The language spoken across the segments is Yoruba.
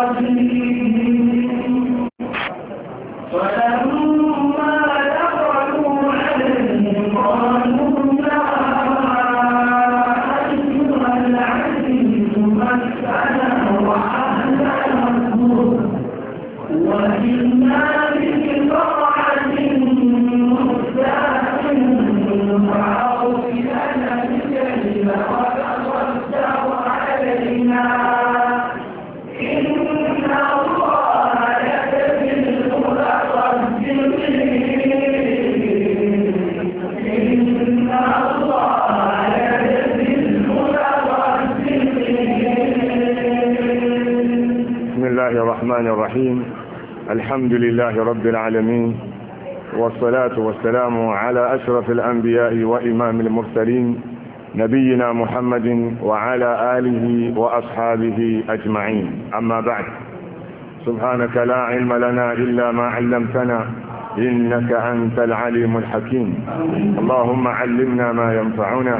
Thank you. الحمد لله رب العالمين والصلاة والسلام على أشرف الأنبياء وإمام المرسلين نبينا محمد وعلى آله وأصحابه أجمعين أما بعد سبحانك لا علم لنا إلا ما علمتنا إنك أنت العليم الحكيم اللهم علمنا ما ينفعنا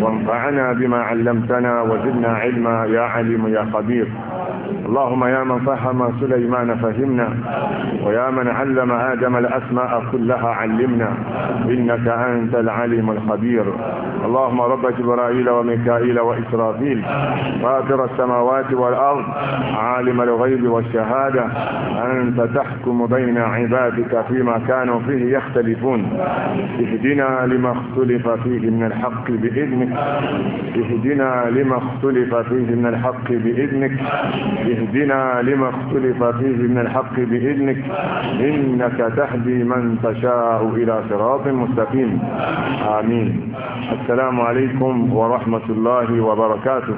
وانفعنا بما علمتنا وزدنا علما يا عليم يا خبير اللهم يا من فهم سليمان فهمنا ويا من علم آدم الأسماء كلها علمنا إنك أنت العليم الخبير اللهم رب جبرائيل وميكائيل وإسرافيل فاطر السماوات والأرض عالم الغيب والشهادة أنت تحكم بين عبادك فيما كانوا فيه يختلفون اهدنا لما اختلف فيه من الحق بإذنك اهدنا لما اختلف فيه من الحق بإذنك اهدنا لما اختلف فيه من الحق بإذنك إنك تهدي من تشاء إلى صراط مستقيم آمين السلام عليكم ورحمة الله وبركاته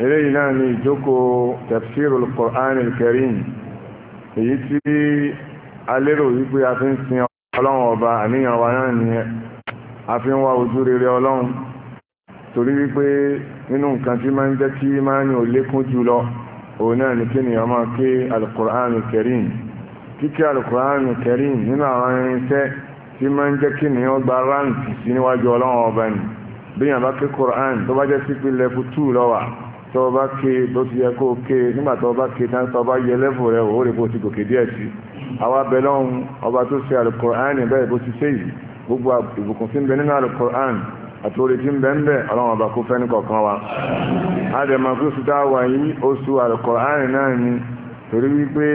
إلينا نيجوكو تفسير القرآن الكريم يتي alérò wípé a fi ń وبا ọlọ́run ọba àníyàn wa náà torí wípé nínú nǹkan tí máa ń jẹ́ kí máa ní olékún jùlọ òun náà ní kí nìyàn máa ké alukur'anu karim kíké alukur'anu karim nínú àwọn irinṣẹ́ tí máa ń jẹ́ kí nìyàn gba ráǹkì sí níwájú ọlọ́run ọba ni bí yàn bá ké kur'an tó bá jẹ́ sí pé lẹ́fù tù lọ́wà tó bá ké tó ti yẹ kó ké nígbà tó bá ké tán tó bá yẹ lẹ́fù rẹ̀ ó rí bó ti gòkè díẹ̀ sí àwa bẹ̀lọ́run ọba tó ṣe alukur'an bẹ́ẹ̀ bó ti ṣe yìí gbogbo ìbùkún sí ń bẹ nínú alukur'an a tí ń bẹ̀ ń bẹ̀ ọlọ́run ọba kó fẹ́ni kọ̀ọ̀kan wa kó wà yí oṣù Al-Qur'ani náà ni torí wípé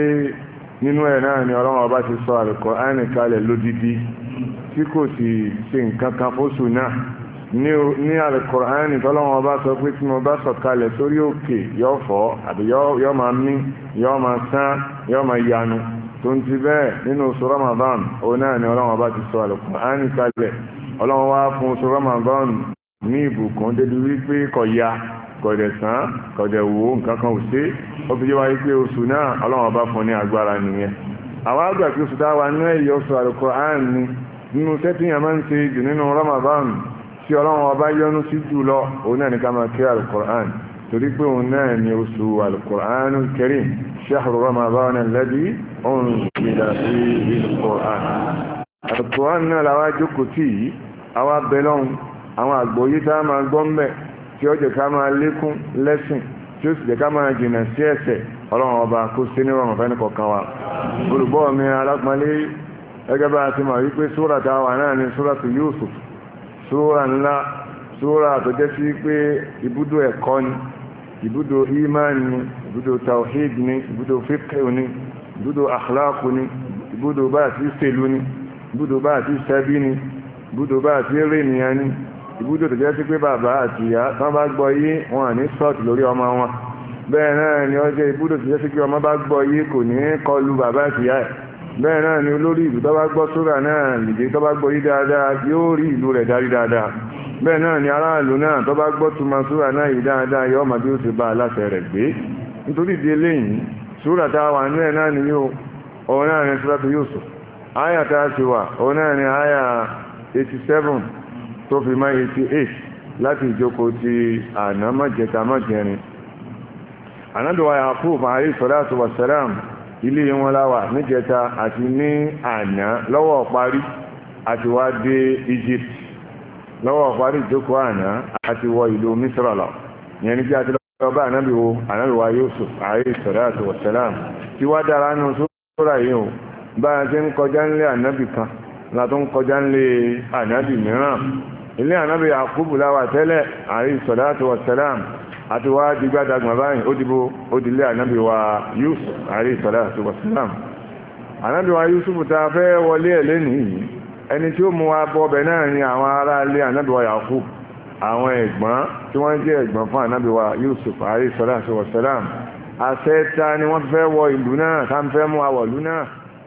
nínú ẹ̀ náà ni ọlọ́run ọba ti sọ Al-Qur'ani kalẹ̀ lódidi tí kò sì ṣe nǹkan kan fóṣù náà ní Al-Qur'ani tọ́lọ́run ọba sọ pé tí mo bá sọ kalẹ̀ sórí òkè yọ fọ́ àbí yọ máa mí yọ máa sán yọ máa yanu tó ń ti bẹ́ẹ̀ nínú ọlọ́run wá fún oṣù Ramadan ní ìbùkún débi wípé kọ̀ya kọ̀dẹ̀sán kọ̀dẹ̀wò nǹkan kan ò sí ó fi yé wa wípé oṣù náà ọlọ́run bá fún ní agbára nìyẹn àwọn àgbà pé oṣù dáwà ní ẹ̀yẹ oṣù Al-Qur'an ni nínú tẹ́tìyàn máa ń ṣe jù nínú Ramadan tí ọlọ́run ọba yọ́nú sí jù lọ òun náà ní ká máa kí al torí pé òun náà ni oṣù Al-Qur'an Karim Ramadan alladhi unzila fihi Al-Qur'an Al-Qur'an náà làwọn ajókòó tì yìí àwọn abẹ́lọ́hun àwọn àgbòyí tá a máa gbọ́ ń bẹ̀ tí ó jẹ́ ká máa lékún lẹ́sìn tí ó sì jẹ́ ká máa jìnà sí ẹ̀ṣẹ̀ ọlọ́run ọba kó sí ní rọrùn fẹ́ni kọ̀ọ̀kan wa olùgbọ́ mi alápọ̀nlé gẹ́gẹ́ bá a ti mọ̀ wípé súrà tá a wà náà ni súrà tó Yusuf súrà ńlá súrà tó jẹ́ sí pé ibùdó ẹ̀kọ́ ni ibùdó bá àti eré ènìyàn ní ibùdó tó jẹ́ sí pé bàbá àti ìyá tán bá gbọ́ yé wọn à ní sọ́ọ̀tì lórí ọmọ wọn bẹ́ẹ̀ náà ni ọjọ́ ibùdó ọmọ bá gbọ́ yé kò ní kọlu bàbá àti ìyá ẹ̀ bẹ́ẹ̀ náà olórí ìlú tó bá gbọ́ sóra náà lìdí bá gbọ́ yí dáadáa yóò rí ìlú rẹ̀ dáadáa bẹ́ẹ̀ náà ni aráàlú náà tó bá gbọ́ tuma sóra náà yìí dáadáa ọmọ bí ó bá aláṣẹ gbé nítorí a wà ní 87 tó fi má 88 láti ìjókòó ti àná mọ́jẹta mọ́jẹrin ànádùwà Yakub alayhi salatu wa salam ilé wọn láwà níjẹta àti ní àná lọ́wọ́ parí àti wá dé Egypt lọ́wọ́ parí ìjókòó àná àti wọ ìlú Misra lọ yẹn ní bí a ti lọ́wọ́ bá ànábì wo ànábì wa Yusuf alayhi salatu wa salam tí wá dára nù sóra yìí o bá a ti ń kọjá nílé ànábì kan la tó ń kọjá nílé ànábì mìíràn ilé ànábì Yakubu láwà tẹ́lẹ̀ alayhi salatu wassalam àti wá dìgbàdàgbọ̀n báyìí ó dìbò ó dìlé ànábì wa Yusuf alayhi salatu wassalam ànábì wa Yusuf ta fẹ́ wọlé ẹ̀ lẹ́nìí ẹni tí ó mú wa bọ́ ọbẹ̀ náà ni àwọn ará ilé ànábì wa Yakubu àwọn ẹ̀gbọ́n tí wọ́n jẹ́ ẹ̀gbọ́n fún ànábì wa Yusuf alayhi salatu wassalam àṣẹ ta ni wọ́n fẹ́ wọ ìlú náà tá ń fẹ́ mú àwọ̀lú náà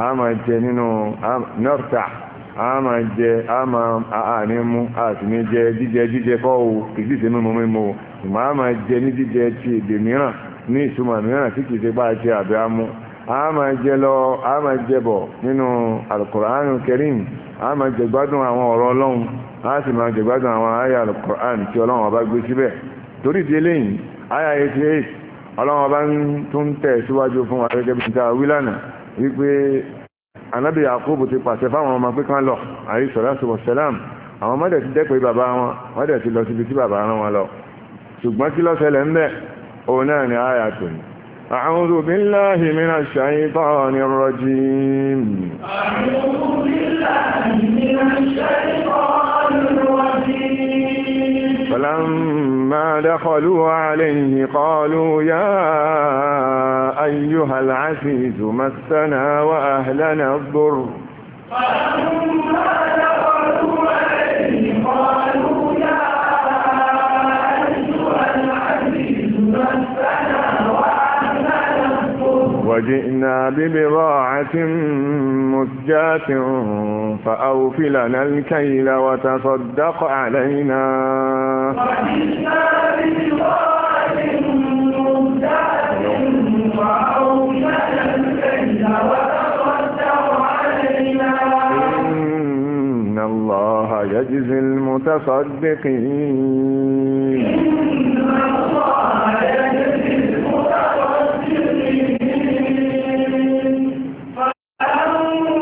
a máa jẹ nínú nọ́ọ̀tà a ma jẹ a máa je a sì ní o kì í mímu mímu o ìmọ̀ a máa jẹ ti èdè mìíràn ní ìtumọ̀ mìíràn tí bá a jẹ àbí a je a lọ ninu máa jẹ nínú alukóránù kẹrim a máa gbádùn a sì máa je gbádùn àwọn àyà ọba gbé síbẹ̀ torí eléyìí ọlọ́run fún wa gẹ́gẹ́ bí n wípé anábì Yakubu ti pàṣẹ fáwọn ọmọ pé kán lọ àrí sọ̀rọ̀sọ̀ wọ̀sẹ̀lám àwọn ọmọdé ti dẹ́pẹ́ bàbá wọn wọ́n dẹ̀ ti lọ síbi tí bàbá rán wọn lọ ṣùgbọ́n kí ló ṣẹlẹ̀ ńbẹ̀ òun náà ni àyà tò ní. أعوذ بالله من الشيطان الرجيم أعوذ بالله من الشيطان الرجيم فلما دخلوا عليه قالوا يا أيها العزيز مسنا وأهلنا الضر فلما دخلوا عليه قالوا وجئنا ببضاعة مزجاة فأوفلنا الكيل وتصدق علينا وجئنا ببضاعة مزجاة فأوفلنا الكيل وتصدق علينا إن الله يجزي المتصدقين إن الله أَمْ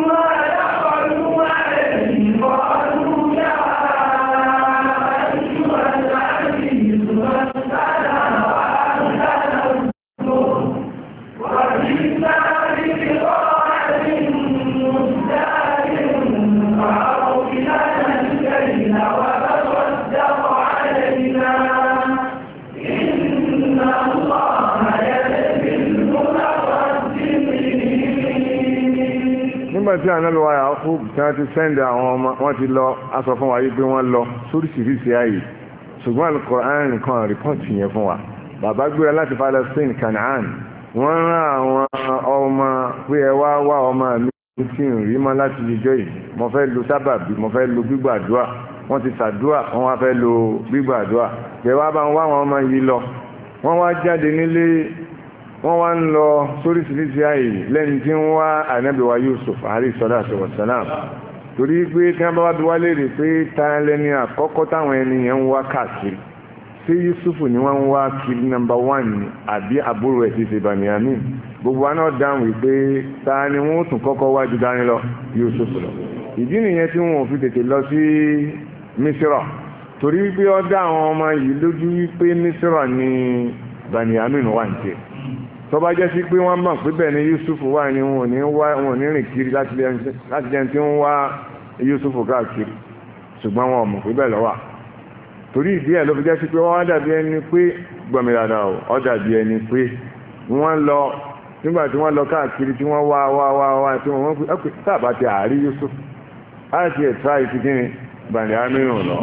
nígbà tí ànábì wa Yakub tí wọ́n ti sẹ́ndẹ̀ àwọn ọmọ wọ́n ti lọ aṣọ fún wa yí pé wọ́n lọ sóríṣiríṣi ààyè ṣùgbọ́n Al-Qur'an nìkan rìpọ́ọ̀tì yẹn fún wa bàbá gbéra láti Palestine Canaan wọ́n rán àwọn ọmọ pé ẹ wá wá ọmọ mi tí ń rí mọ́ láti jíjọ́ yìí mo fẹ́ lo sábàbí mo fẹ́ lo gbígbàdúrà wọ́n ti sàdúrà wọ́n wá fẹ́ lo gbígbàdúrà ẹ wá bá ń wá àwọn ọmọ yìí lọ wọ́n wá jáde nílé wọ́n wá ń lọ sóríṣiríṣi ààyè lẹ́ni tí ń wá ànábì wa Yusuf alayhi salatu wa salam torí pé tí wọ́n bá wá bí wá pé ta lẹ́ni àkọ́kọ́ táwọn ẹni yẹn ń wá káàkiri ṣé Yusuf ni wọ́n ń wá kiri nọ́mbà wán ni àbí àbúrò ẹ̀ ti ṣe Bàmíyàmín gbogbo wa náà dáhùn wípé ta ni wọ́n tún kọ́kọ́ wájú dání lọ Yusuf lọ ìdí nìyẹn tí wọn fi tètè lọ sí Misira torí wípé ó dá àwọn ọmọ yìí lójú wípé Misira ni Bàmíyàmín wà ń tiẹ̀ tọba jẹ́ sí pé wọ́n mọ̀ pé bẹ́ẹ̀ ni Yusuf wà ní wọn ò ní rìn kiri láti jẹun tí ń wá Yusuf káàkiri ṣùgbọ́n wọn ò mọ̀ pé bẹ́ẹ̀ lọ́wà torí ìdí ẹ̀ ló fi jẹ́ sí pé wọ́n dàbí ẹni pé gbọ̀mí dáadáa o ọ dàbí ẹni pé wọ́n lọ nígbà tí wọ́n lọ káàkiri tí wọ́n wá wá wá wá tí wọ́n pè ọ́pẹ́ sábà ti àárí Yusuf láti ẹ̀ tíráì ti kí ni lọ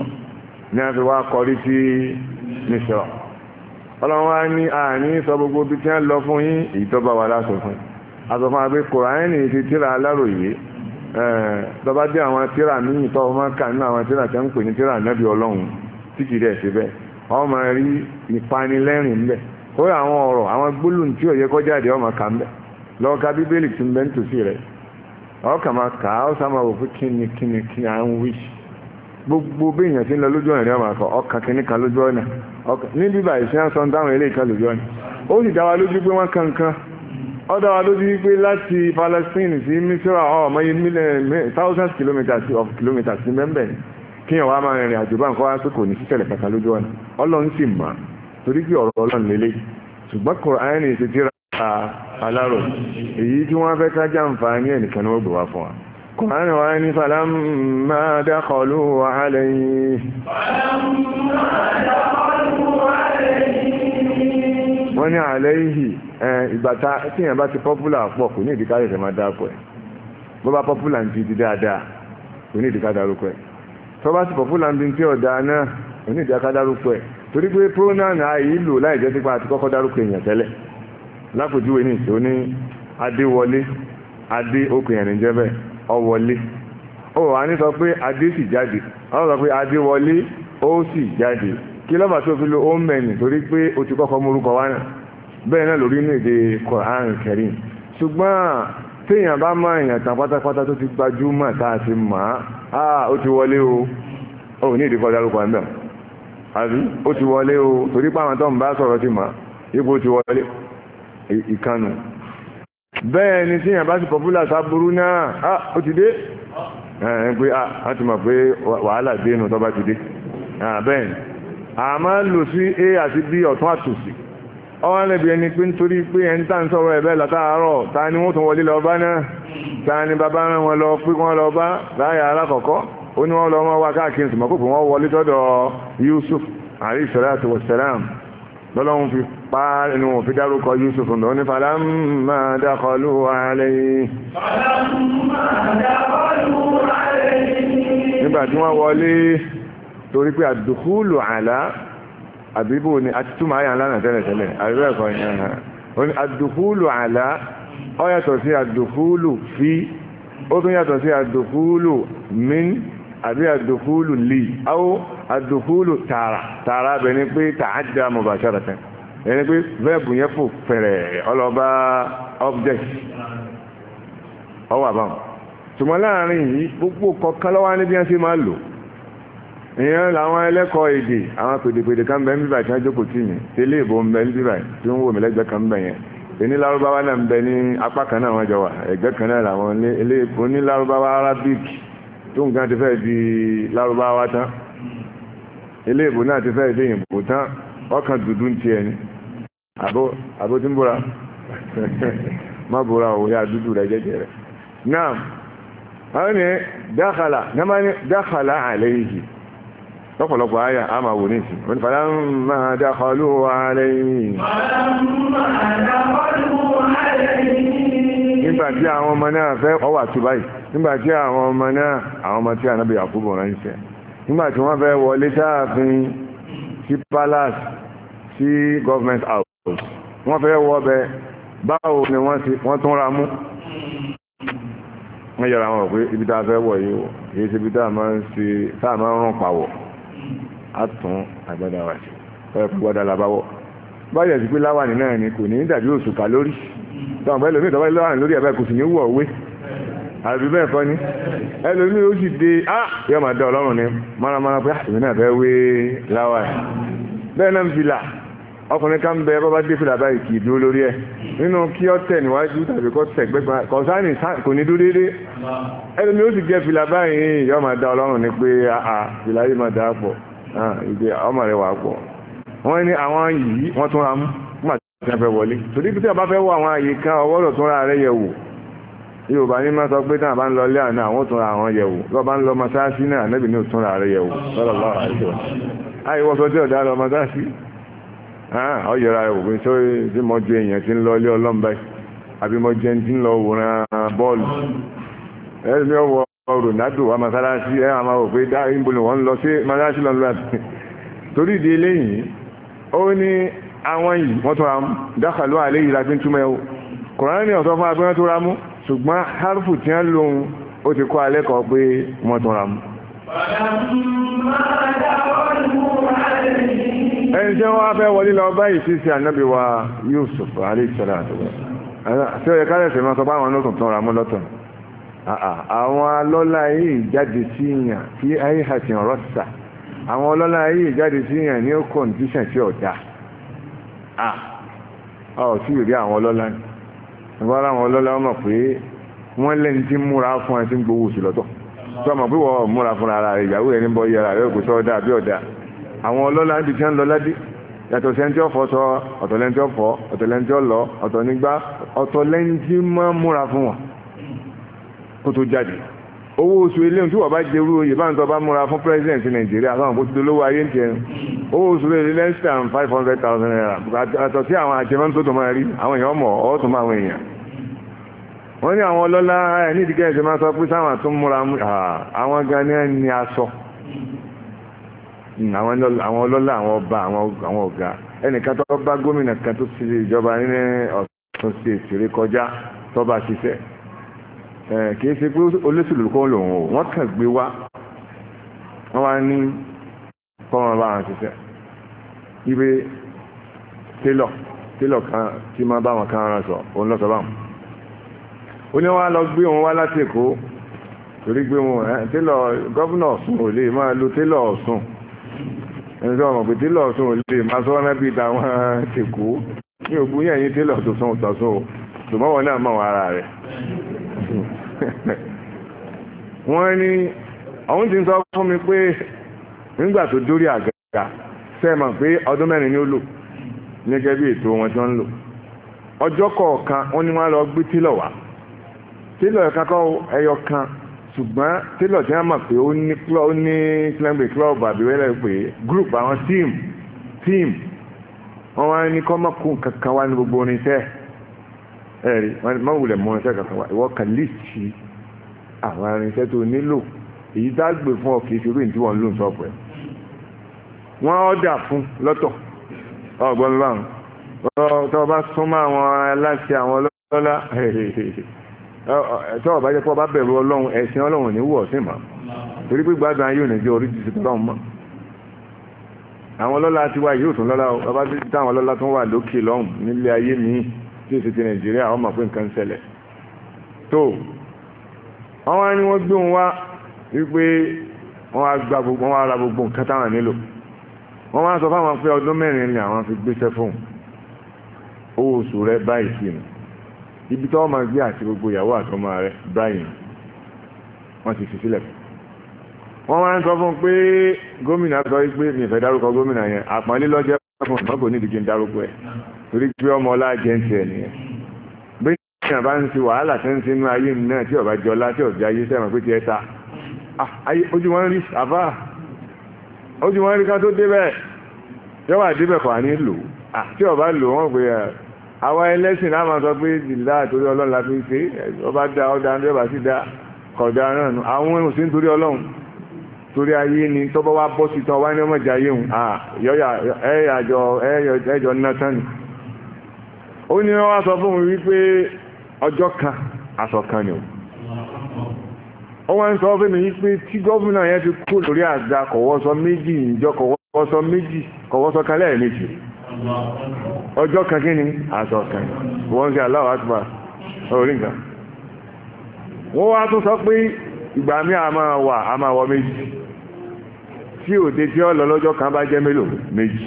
ní a fi wá kọrí sí Mísírà ọlọ́run wá ní àní sọ gbogbo bí tí wọ́n lọ fún yín èyí tó bá wà láṣọ fún aṣọ fún agbé kòránì ti tíra aláròyé tọba dé àwọn tíra míì tọ́ ọmọ kà nínú àwọn tíra tí wọ́n ń pè ní tíra nábì ọlọ́run tí kì í dẹ̀ ṣe bẹ́ẹ̀ wọ́n máa rí ìpanilẹ́rìn ńbẹ̀ ó rí àwọn ọ̀rọ̀ àwọn gbólóhùn tí òye kọjá àdé ọmọ kà ńbẹ̀ lọ́ọ́ ka bíbélì tí ń bẹ́ ń tòsí rẹ̀ ọkà máa kà á ó sá máa wò fún kíni kíni kíni à ń wíṣì gbogbo bí èèyàn ti ń lọ lójú ọ̀nà ní ọmọ àkọ́ ọkàn kìíní kan lójú ọ̀nà ní bíbà ìṣẹ́ sọ ń dáhùn ilé ìkan lójú ọ̀nà ó sì dá lójú pé wọ́n kankan ó Palestine sí ọmọ yìí mílẹ̀ thousands of kilomita sí mẹ́mbẹ̀ kí ma máa rìnrìn àjò bá nǹkan wá ní sísẹ̀lẹ̀ kankan lójú ọ̀nà Ọlọ́run sì mà torí pé ọ̀rọ̀ Ọlọ́run lélẹ̀ ṣùgbọ́n قرآن وعين فلما دخلوا عليه فلما دخلوا عليه وعين عليه ìgbàta tí èèyàn bá ti pọ́pùlà pọ̀ kò ní ìdíkà rẹ̀ máa dápọ̀ ẹ̀ bó bá pọ́pùlà ń ti di dáadáa kò ní ìdíkà dárúkọ ẹ̀ tó bá ti pọ́pùlà ń bi tí ọ̀dà náà kò ní ìdíkà dárúkọ ẹ̀ torí pé pronoun àyè lò láì jẹ́ sípa àti kọ́kọ́ dárúkọ èèyàn tẹ́lẹ̀ lápòjúwe ní ìṣó ní adéwọlé adé okùn ẹ̀rìn jẹ́ bẹ́ẹ̀ ọwọlé ó wà ní sọ pé adé sì jáde wọ́n sọ pé adé wọlé ó sì jáde kí lọ́bàá tó fi lo ó mẹ́ni torí pé o ti kọ́kọ́ morúkọ wá náà bẹ́ẹ̀ náà lórí inú èdè Quran Karim ṣùgbọ́n téèyàn bá máa èèyàn tán pátápátá tó ti gbajúmọ̀ tá a ti mọ̀ á ó ti wọlé o ó ní àbí ó ti wọlé o torí tó ń bá sọ̀rọ̀ ti mọ̀ ti bẹ́ẹ̀ ni tí yàn bá ti popular sáburú náà ah ó ti dé ẹ̀ pé ah a ti mọ̀ pé wàhálà dé inú tó bá ti dé bẹ́ẹ̀ ni a máa lò sí a àti b ọ̀tún àtòsí ọwọ́n lẹ́bi ẹni pé nítorí pé ẹni tá ń sọ̀rọ̀ ẹ̀bẹ́ látàárọ̀ ta ni wọ́n tún wọlé lọ bá náà ta ni bàbá rán wọn lọ pé wọ́n lọ bá láyà alákọ̀ọ́kọ́ ó ní wọ́n lọ wọ́n wá káàkiri sùmọ́kò pé wọ́n wọlé tọ́dọ̀ Yusuf alayhi salatu wassalam lọ́lọ́run fi pa inú òfi dárúkọ Yusuf lọ ní falamma dakhalu alayhi nígbà tí wọ́n wọlé torí pé àdùkúlù àlá àbíbò ni a ti túmọ̀ àyà ńlá nà tẹ́lẹ̀tẹ́lẹ̀ àríwẹ̀ ẹ̀kọ́ ni àdùkúlù àlá ó yàtọ̀ sí àdùkúlù bẹ̀ ni pé tààjà mubasharatan ẹni pé verb yẹn fò fẹ̀rẹ̀ ọlọ́ba object ọwọ́ àbáwọn ṣùgbọ́n láàrin yìí gbogbo kọ̀ọ̀kan lọ́wọ́ ní bí wọ́n ṣe máa lò ìyẹn làwọn ẹlẹ́kọ̀ọ́ èdè àwọn pèdèpèdè kan bẹ́ẹ̀ ń bíbà tí wọ́n jókòó tì yẹn tẹ́lẹ̀ ìbò ń bẹ́ẹ̀ ń bíbà tí wọ́n wò mí lẹ́gbẹ̀ẹ́ kan bẹ́ẹ̀ yẹn ẹni lárúbáwá náà ń bẹ ní apá kan náà wọ́n jọ wà ẹ̀gbẹ́ kan náà làwọn ilé oní lárúbáwá Arabic tó nǹkan ti fẹ́ di lárúbáwá tán ilé ìbò náà ti fẹ́ di ìbò tán ọkàn dúdú ń tiẹ̀ ni àbó tí ń búra má búra ò yá dúdú rẹ̀ jẹ́jẹ́ rẹ̀ náà wọ́n ni dákàlà náà ni dákàlà àlẹ́yìí lọ́pọ̀lọpọ̀ ayà a máa wò ní ìsìn wọ́n ni fàdá ń máa dákàlù àlẹ́yìí nígbà tí àwọn ọmọ náà fẹ́ ọwà tó báyìí nígbà tí àwọn ọmọ náà àwọn ọmọ tí ànábì àkúbọ̀ ránṣẹ́ nígbà tí wọ́n fẹ́ wọlé sáàfin sí palace sí government house wọ́n fẹ́ wọ́ ọbẹ̀ báwo ni wọ́n tún ra mú wọ́n yọra wọn pé ibi tá a fẹ́ wọ̀ yìí kìí ṣe ibi tá a máa ń ṣe tá a máa ń rún pàwọ̀ á tún àgbàdà wà sí ọ̀rẹ́ fún gbọ́dọ̀ làbáwọ̀ báyìí ẹ̀sìn pé láwàní náà ni kò ní dàbí òṣùkà lórí táwọn ọ̀bẹ lómi ìtọ́wọ́ láwàní lórí ẹ̀bẹ̀ kò sì ní wọ̀ òwe àbí bẹ́ẹ̀ kọ́ ni ẹlòmí ó sì dé á yọ máa dá ọlọ́run ni máramárá pé àtìmí náà fẹ́ wé láwàní bẹ́ẹ̀ náà ń fi là ọkùnrin kan bẹ bọ́bá dé fìlà báyìí kì í dúró lórí ẹ̀ nínú kí ọ tẹ̀ níwájú tàbí kọ́ tẹ̀ gbẹ́gbà kọ̀sánì kò ní dúró déédéé ẹlòmí ó sì jẹ́ fìlà báyìí yọ máa da ọlọ́run ni pé àà fìlà yìí máa da pọ̀ ìdè ọmọ rẹ̀ wà pọ̀ wọ́n ní àwọn yìí wọ́n tún ra mú nígbà tí wọ́n fẹ́ wọlé torí pé tí wọ́n bá fẹ́ wọ àwọn àyè kan ọwọ́ lọ tún ra rẹ̀ yẹ̀ wò yorùbá ní máa sọ pé tí wọ́n bá ń lọ ilé àná àwọn ò tún ra àwọn yẹ̀ wò lọ́ọ́ bá ń lọ mọ́sáàsì náà nẹ́bì ní ò tún ra rẹ̀ yẹ̀ wò lọ́lọ́lọ́ àìsàn àìwọ́sọ tí ọ̀dà lọ mọ́sáàsì ọ̀yọ̀ra òfin tó ti mọ ju èèyàn ti ń lọ ilé ọlọ́run báyìí àbí mọ jẹun ti ń lọ wòran bọ́ọ̀lù ẹ̀rí mi ọ̀wọ́ Ronaldo wa masalasi ẹ̀ àmà wò pé dá ìbòlù wọn lọ sí masalasi lọ́nà láti torí ìdí eléyìí ó ní àwọn yìí wọ́n tọ́ra mú dákàlú àlẹ́ yìí láti túmọ̀ ẹ̀wò Kùránì ọ̀sọ́ fún abẹ́rẹ́ tó ra mú ṣùgbọ́n hárùfù tí wọ́n lòun ó ti kọ́ alẹ́ kan pé wọ́n tọ́ra mú. ọ̀dà máa dáwọ́ ìmú àlẹ́ yìí ẹni tí wọ́n fẹ́ wọlé lọ báyìí sí sí ànábì wa Yusuf alayisalaam tí ó yẹ ká lẹ́sẹ̀ máa sọ pé àwọn ọlọ́tún tán ra mọ́ lọ́tọ̀ àwọn alọ́lá yìí ọ̀ sí ìrí àwọn ọlọ́lá ni ìwọ́n ara àwọn ọlọ́lá ọmọ pé wọ́n lẹ́ni tí múra fún ẹ tí ń gbowó sí lọ́tọ̀ tí ọmọ pé wọ́n múra fún ara rẹ̀ ìyàwó ẹni bọ́ yẹra rẹ̀ òkú sọ́ọ́dà bí ọ̀dà àwọn ọlọ́lá níbi tí wọ́n ń lọ ládé yàtọ̀ sí ẹni tí ó fọ́ sọ ọ̀tọ̀ lẹ́ni tí ó fọ́ ọ̀tọ̀ lẹ́ni tí ó lọ ọ̀tọ̀ nígbà ọ̀tọ̀ lẹ́ni tí máa múra fún wọn kó tó jáde owó oṣù eléyìí tí wọ́n bá jẹ́ irú oyè báńtọ́ bá múra fún president nàìjíríà fáwọn bó ti dolówó ayé ń tiẹ̀ owó oṣù eléyìí less than five hundred thousand naira àtọ̀ sí àwọn àjẹmọ́ tó tó máa rí àwọn èèyàn mọ̀ ọ́ tó máa àwọn èèyàn wọ́n ní àwọn ọlọ́lá ni aṣọ àwọn ọlọ́lá àwọn ọba àwọn ọ̀gá ẹnìkan tó bá gómìnà kan tó ti ìjọba nínú Ọ̀ṣun sí èsìrè kọjá tó bá ṣiṣẹ́ kìí ṣe pé olóṣèlú kan lòun o wọ́n kàn gbé wá wọ́n wá ní kọ́mọ bá wọn ṣiṣẹ́ ibi télọ̀ télọ̀ kan tí máa bá wọn kan ara sọ òun lọ́sọ̀ báwọn ó ní wọ́n á lọ gbé wọn wá láti Èkó torí gbé wọn télọ̀ gọ́vùnà Ọ̀ṣun ò lè máa lo télọ̀ Ọ̀ṣun ǹjọ́ ọmọ pé tílọ̀ ò lè máa sọ ọ́nà bíi táwọn kú ní ògbú yẹn ní tílọ̀ tó o ṣùgbọ́n wọn náà mọ̀ wọn ara rẹ̀ wọ́n ní ọ̀hún ti sọ fún mi pé nígbà tó dórí àgàgà pé ọdún mẹ́rin ni ó lò bí ètò wọn ń lò ọjọ́ kọ̀ọ̀kan wọ́n kan ṣùgbọ́n tẹ́lọ̀ tí wọ́n mọ̀ pé ó ní club ó ní climate club àbí wẹ́lẹ̀ pé group àwọn team team wọ́n wá ní kọ́ mọ̀kún kankan wá ní gbogbo orin tẹ́ ẹ̀rí má wulẹ̀ mọ́ irinṣẹ́ kankan wá ìwọ kan líìsì àwọn irinṣẹ́ tó nílò èyí tá gbé fún ọ kìí ṣe orí tí wọ́n ń lò ń sọ̀pọ̀ wọ́n ọ̀dà fún lọ́tọ̀ ọ̀gbọ́n mi báwọn tọ́ bá súnmọ́ àwọn aláṣẹ àwọn ọlọ́lá tọ́wọ̀ bá jẹ́ pọ́ bá bẹ̀rù ọlọ́run ẹ̀sìn ọlọ́run ní wọ̀ sí mọ́ torí pé gbádùn ayé òní jẹ́ orí ti tọ́lọ́run mọ́ àwọn ọlọ́lá ti wá yóò tún lọ́lá ọba tí táwọn ọlọ́lá tún wà lókè lọ́hùn nílé ayé míì tí èsì ti nàìjíríà ọmọ pé nǹkan ṣẹlẹ̀ tó wọ́n wá ní wọ́n gbé wọn wá wípé wọ́n wá gba gbogbo wọ́n wá gbogbo nǹkan táwọn nílò wọ́n wá sọ fáwọn pé ọdún mẹ́rin ni àwọn fi gbéṣẹ́ fóun owó oṣù rẹ báyìí sí ni ibi tọ́wọ́ máa gbé àti gbogbo ìyàwó àtọmọ rẹ̀ Brian wọ́n ti fi sílẹ̀ wọ́n wá ń sọ fún pé gómìnà sọ pé mi fẹ́ dárúkọ gómìnà yẹn àpọ́nlé lọ́jọ́ fún ọ̀nà kò nídìí kí n dárúkọ ẹ̀ torí pé ọmọ ọlá jẹ́ ń tiẹ̀ nìyẹn bí ìyàn bá ń ti wàhálà tẹ́ ń sinú ayé mi náà tí ọba jọlá tí ọjà ayé sẹ́wọ̀n pé tiẹ̀ ta ah, ojú wọn rí àbá ojú wọn rí ká tó débẹ̀ yọ́wà débẹ̀ kọ̀ à ní lò ah, tí ọba lò wọ́n pè é àwọn ẹlẹ́sìn náà máa sọ pé ìdílá àtòrí ọlọ́run la fi ṣe ọba dá ọdá ní ọba sí dá kọ̀dá náà nù àwọn òsì ń torí ọlọ́run torí ayé ni tọ́bọ́ wá bọ́ sí tán wá ní ọmọ ìjà ayé hùn ẹ̀yàjọ ẹ̀yọ nátán ni ó ní wọ́n wá sọ fún mi wípé ọjọ́ kan aṣọ kan ni ó wọ́n ń sọ fún mi wípé tí gọ́ọ̀mù yẹn ti kú lórí àga kọ̀wọ́sọ méjì ìjọ kọ̀wọ́sọ méjì kọ̀wọ́sọ kan lẹ́ẹ̀mejì ọjọ́ kan kí ni aṣọ kan wọ́n sí Allahu Akbar orí nǹkan wọ́n wá tún sọ pé ìgbà mi a máa wà a máa wọ méjì tí òde tí ó lọ lọ́jọ́ kan bá jẹ́ mélòó méjì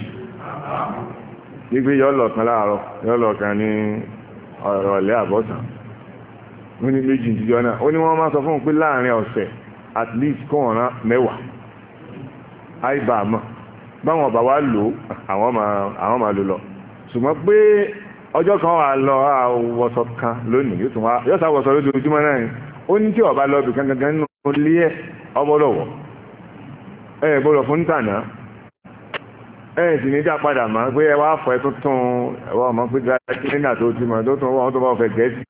gbígbé yọ kan láàárọ̀ yọ kan ní ọ̀rọ̀lẹ́ àbọ̀sán ó ní méjì ìdíjọ́ náà ó ní wọ́n máa sọ fún un pé láàrin ọ̀sẹ̀ at least kó wọn rán mẹ́wàá àìbàmọ̀ báwọn ọba wa lò àwọn máa lò lọ ṣùgbọ́n pé ọjọ́ kan wà lọ àwọ̀sọ̀ kan lónìí yóò sàwọ̀sọ̀ lójoojúmọ́ náà ó ní tí ọba lọ bì nínú ilé ẹ̀ ọgbọ́dọ̀wọ̀ ẹ gbọ́dọ̀ fún tànà ẹ sì ní dápadà mọ́ pé ẹ wá ẹ tuntun ẹwà ọmọ pé gíráàtìlínà tó ti mọ̀ tó wọn tó bá fẹ́ gẹ̀ẹ́sì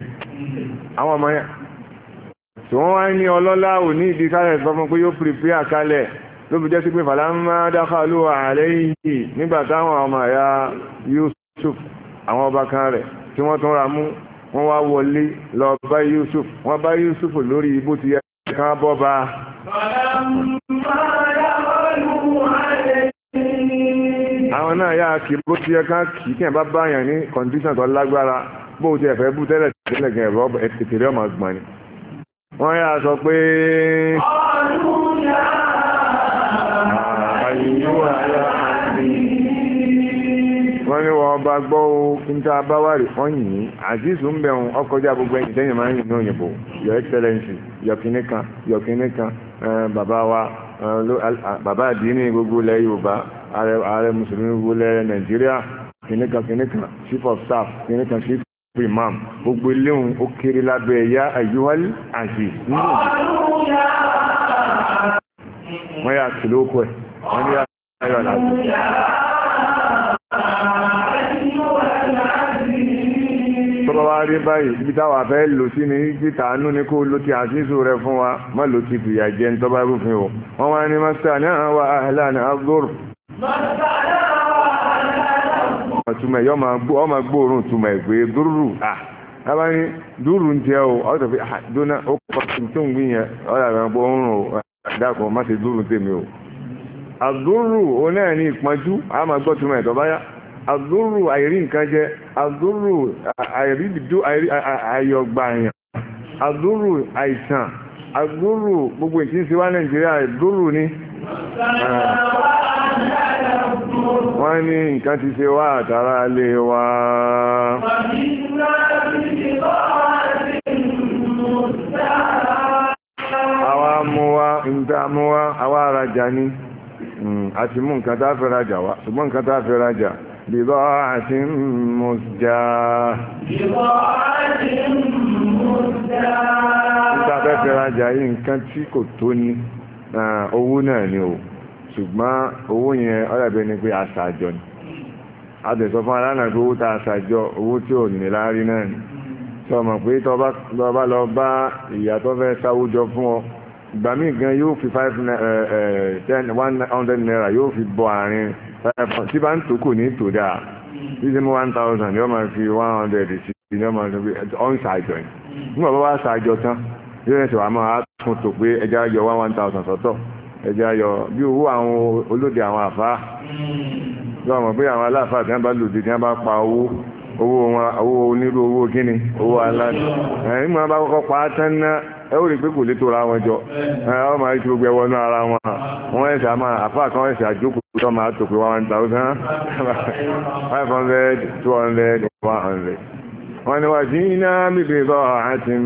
àwọn ọmọ yẹn tí wọ́n wá ní ọlọ́lá ò ní ìdí kálẹ̀ sọ fún pé yóò pèpè àkálẹ̀ ló fi jẹ́ sí pé fàlámà dákàlù àlẹ́ yìí nígbà táwọn ọmọ ẹ̀yà yóò Yusuf àwọn ọba kan rẹ̀ tí wọ́n tún ra mú wọ́n wá wọlé lọ bá Yusuf wọ́n bá Yusuf lórí bó ti yẹ kan bọ́ ba. àwọn náà yáa kì bó ti yẹ kan kì í kí ẹ̀ bá báyàn ní kọ̀ǹdíṣàn tó lágbára bó ti ẹ̀fẹ́ bú tẹ́lẹ̀ tẹ́lẹ̀ gẹ̀ ẹ̀rọ ètèrè ọmọ gbọ̀n ni. wọ́n yáa sọ pé. ọdún yàrá àyùwọ̀ àyà wọ́n ní wọ́n bá gbọ́ o níta bá wà rí wọ́n yìí àzízù ń bẹ̀ wọn ẹ̀yìn tẹ́yìn máa ń yìn náà yìnbó your excellency yọkìnní kan yọkìnní kan bàbá wa bàbá àdínní gbogbo ilẹ̀ Yorùbá ààrẹ mùsùlùmí gbogbo ilẹ̀ Nàìjíríà kìnní kan chief of staff kìnní chief of imam gbogbo iléhùn ó kéré lábẹ́ ẹ̀yà ayúwálì àjì nínú wọ́n yà kìlókù tọ́bọ̀ wá rí báyìí ibi táwà fẹ́ lò sí ní títà ánú ní kó ló ti àṣíṣù rẹ fún wa má ló ti fìyà jẹ ń tọ́bá rúfin o wọ́n wá ní mọ́sítà náà wà áhìlá náà gbòòrò túmọ̀ yọ ọmọ gbòòrùn ní dúró àdúrù òun náà ní ìpọ́njú a máa gbọ́ túmọ̀ ẹ̀tọ́ báyá àdúrù àìrí nǹkan jẹ àdúrù àìrídìdú àyọ̀gbàyàn àdúrù àìsàn àdúrù gbogbo ìtí ń ṣe wá nàìjíríà àdúrù ni wọ́n ní nǹkan ti se wá àtàrà lè wá àwa mú wa ìdámú wa àwa arajà ni. Mm, a ti mú nǹkan tá a wá ṣùgbọ́n nǹkan tá a fẹ́ rajà àti mùsùlùmí. bíbọ́ fẹ́ yìí nǹkan tí kò tó ní owó náà ni o ṣùgbọ́n owó yẹn ọ̀dàbẹ́ ni pé àṣàjọ ni a fún pé owó tá owó tí ò ní láárí náà ni tọba lọ bá ìyá tó fẹ́ sáwó jọ ọ. ìgbà míì gan yóò fi five eh, eh, ten one hundred naira yóò fi bọ àárín tí bá ń tó kò ní tò bí sẹ́mi one thousand yóò máa fi one hundred sí i yóò máa fi ọ̀n ṣàjọ ni nígbà bá wá ṣàjọ tán yóò ṣe wàá máa tún tò pé ẹja yọ one one thousand sọ́tọ̀ ẹja yọ bí owó àwọn olóde àwọn àfáà hmm. yóò mọ̀ pé àwọn aláàfáà tí wọ́n bá lòdì tí wọ́n bá pa owó. owó wọn owó onírú owó kíni owó aláàdì ẹ̀yìn máa bá kọ́kọ́ pa á tán ná ẹ ó rí pé kò lè tó ra wọn jọ ẹ ọ máa rí gbogbo ẹwọ náà ara wọn wọn ẹsẹ̀ àmà àfà kan ẹsẹ̀ àjókòó tó máa tó pé one 200 five hundred two hundred one hundred wọ́n ní bíbí bọ́ bíbí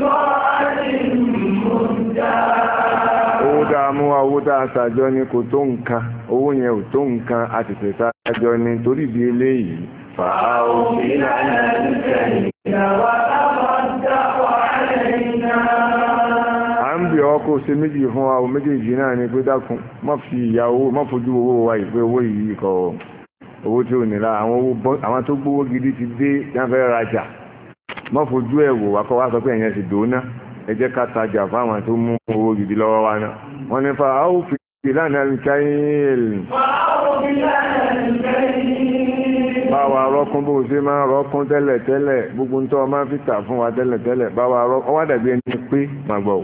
bọ́ tá a mú wa owó tá a sàjọ ni kò tó nǹkan owó yẹn ò tó nǹkan a tètè sàjọ ni torí ìdí eléyìí. fàá òfin lànà ìkẹyìn ìyàwó àtàwọn dáwọ àlẹyìn náà. à ń bẹ̀ ọ́ ṣe méjì fún wa o méjèèjì náà ni pé dákun má fi ìyàwó má fojú owó wa ìpè owó yìí kọ owó tí ò nílá àwọn tó gbówó gidi ti dé jáfẹ́ rajà má fojú ẹ̀ wò wá kọ́ wá sọ pé ẹ̀yẹn ti dòó náà ẹ jẹ́ ká tajà fáwọn tó mú owó gidi lọ́wọ́ wa náà wọ́n ní fa áwò fi ìlànà ìkáyìn báwa rọ́kún bó ṣe máa rọ́kún tẹ́lẹ̀ tẹ́lẹ̀ gbogbo ntọ́ máa fi tà fún wa tẹ́lẹ̀ tẹ́lẹ̀ báwa rọ́kún wọ́n dàbí ẹni pé màá gbọ́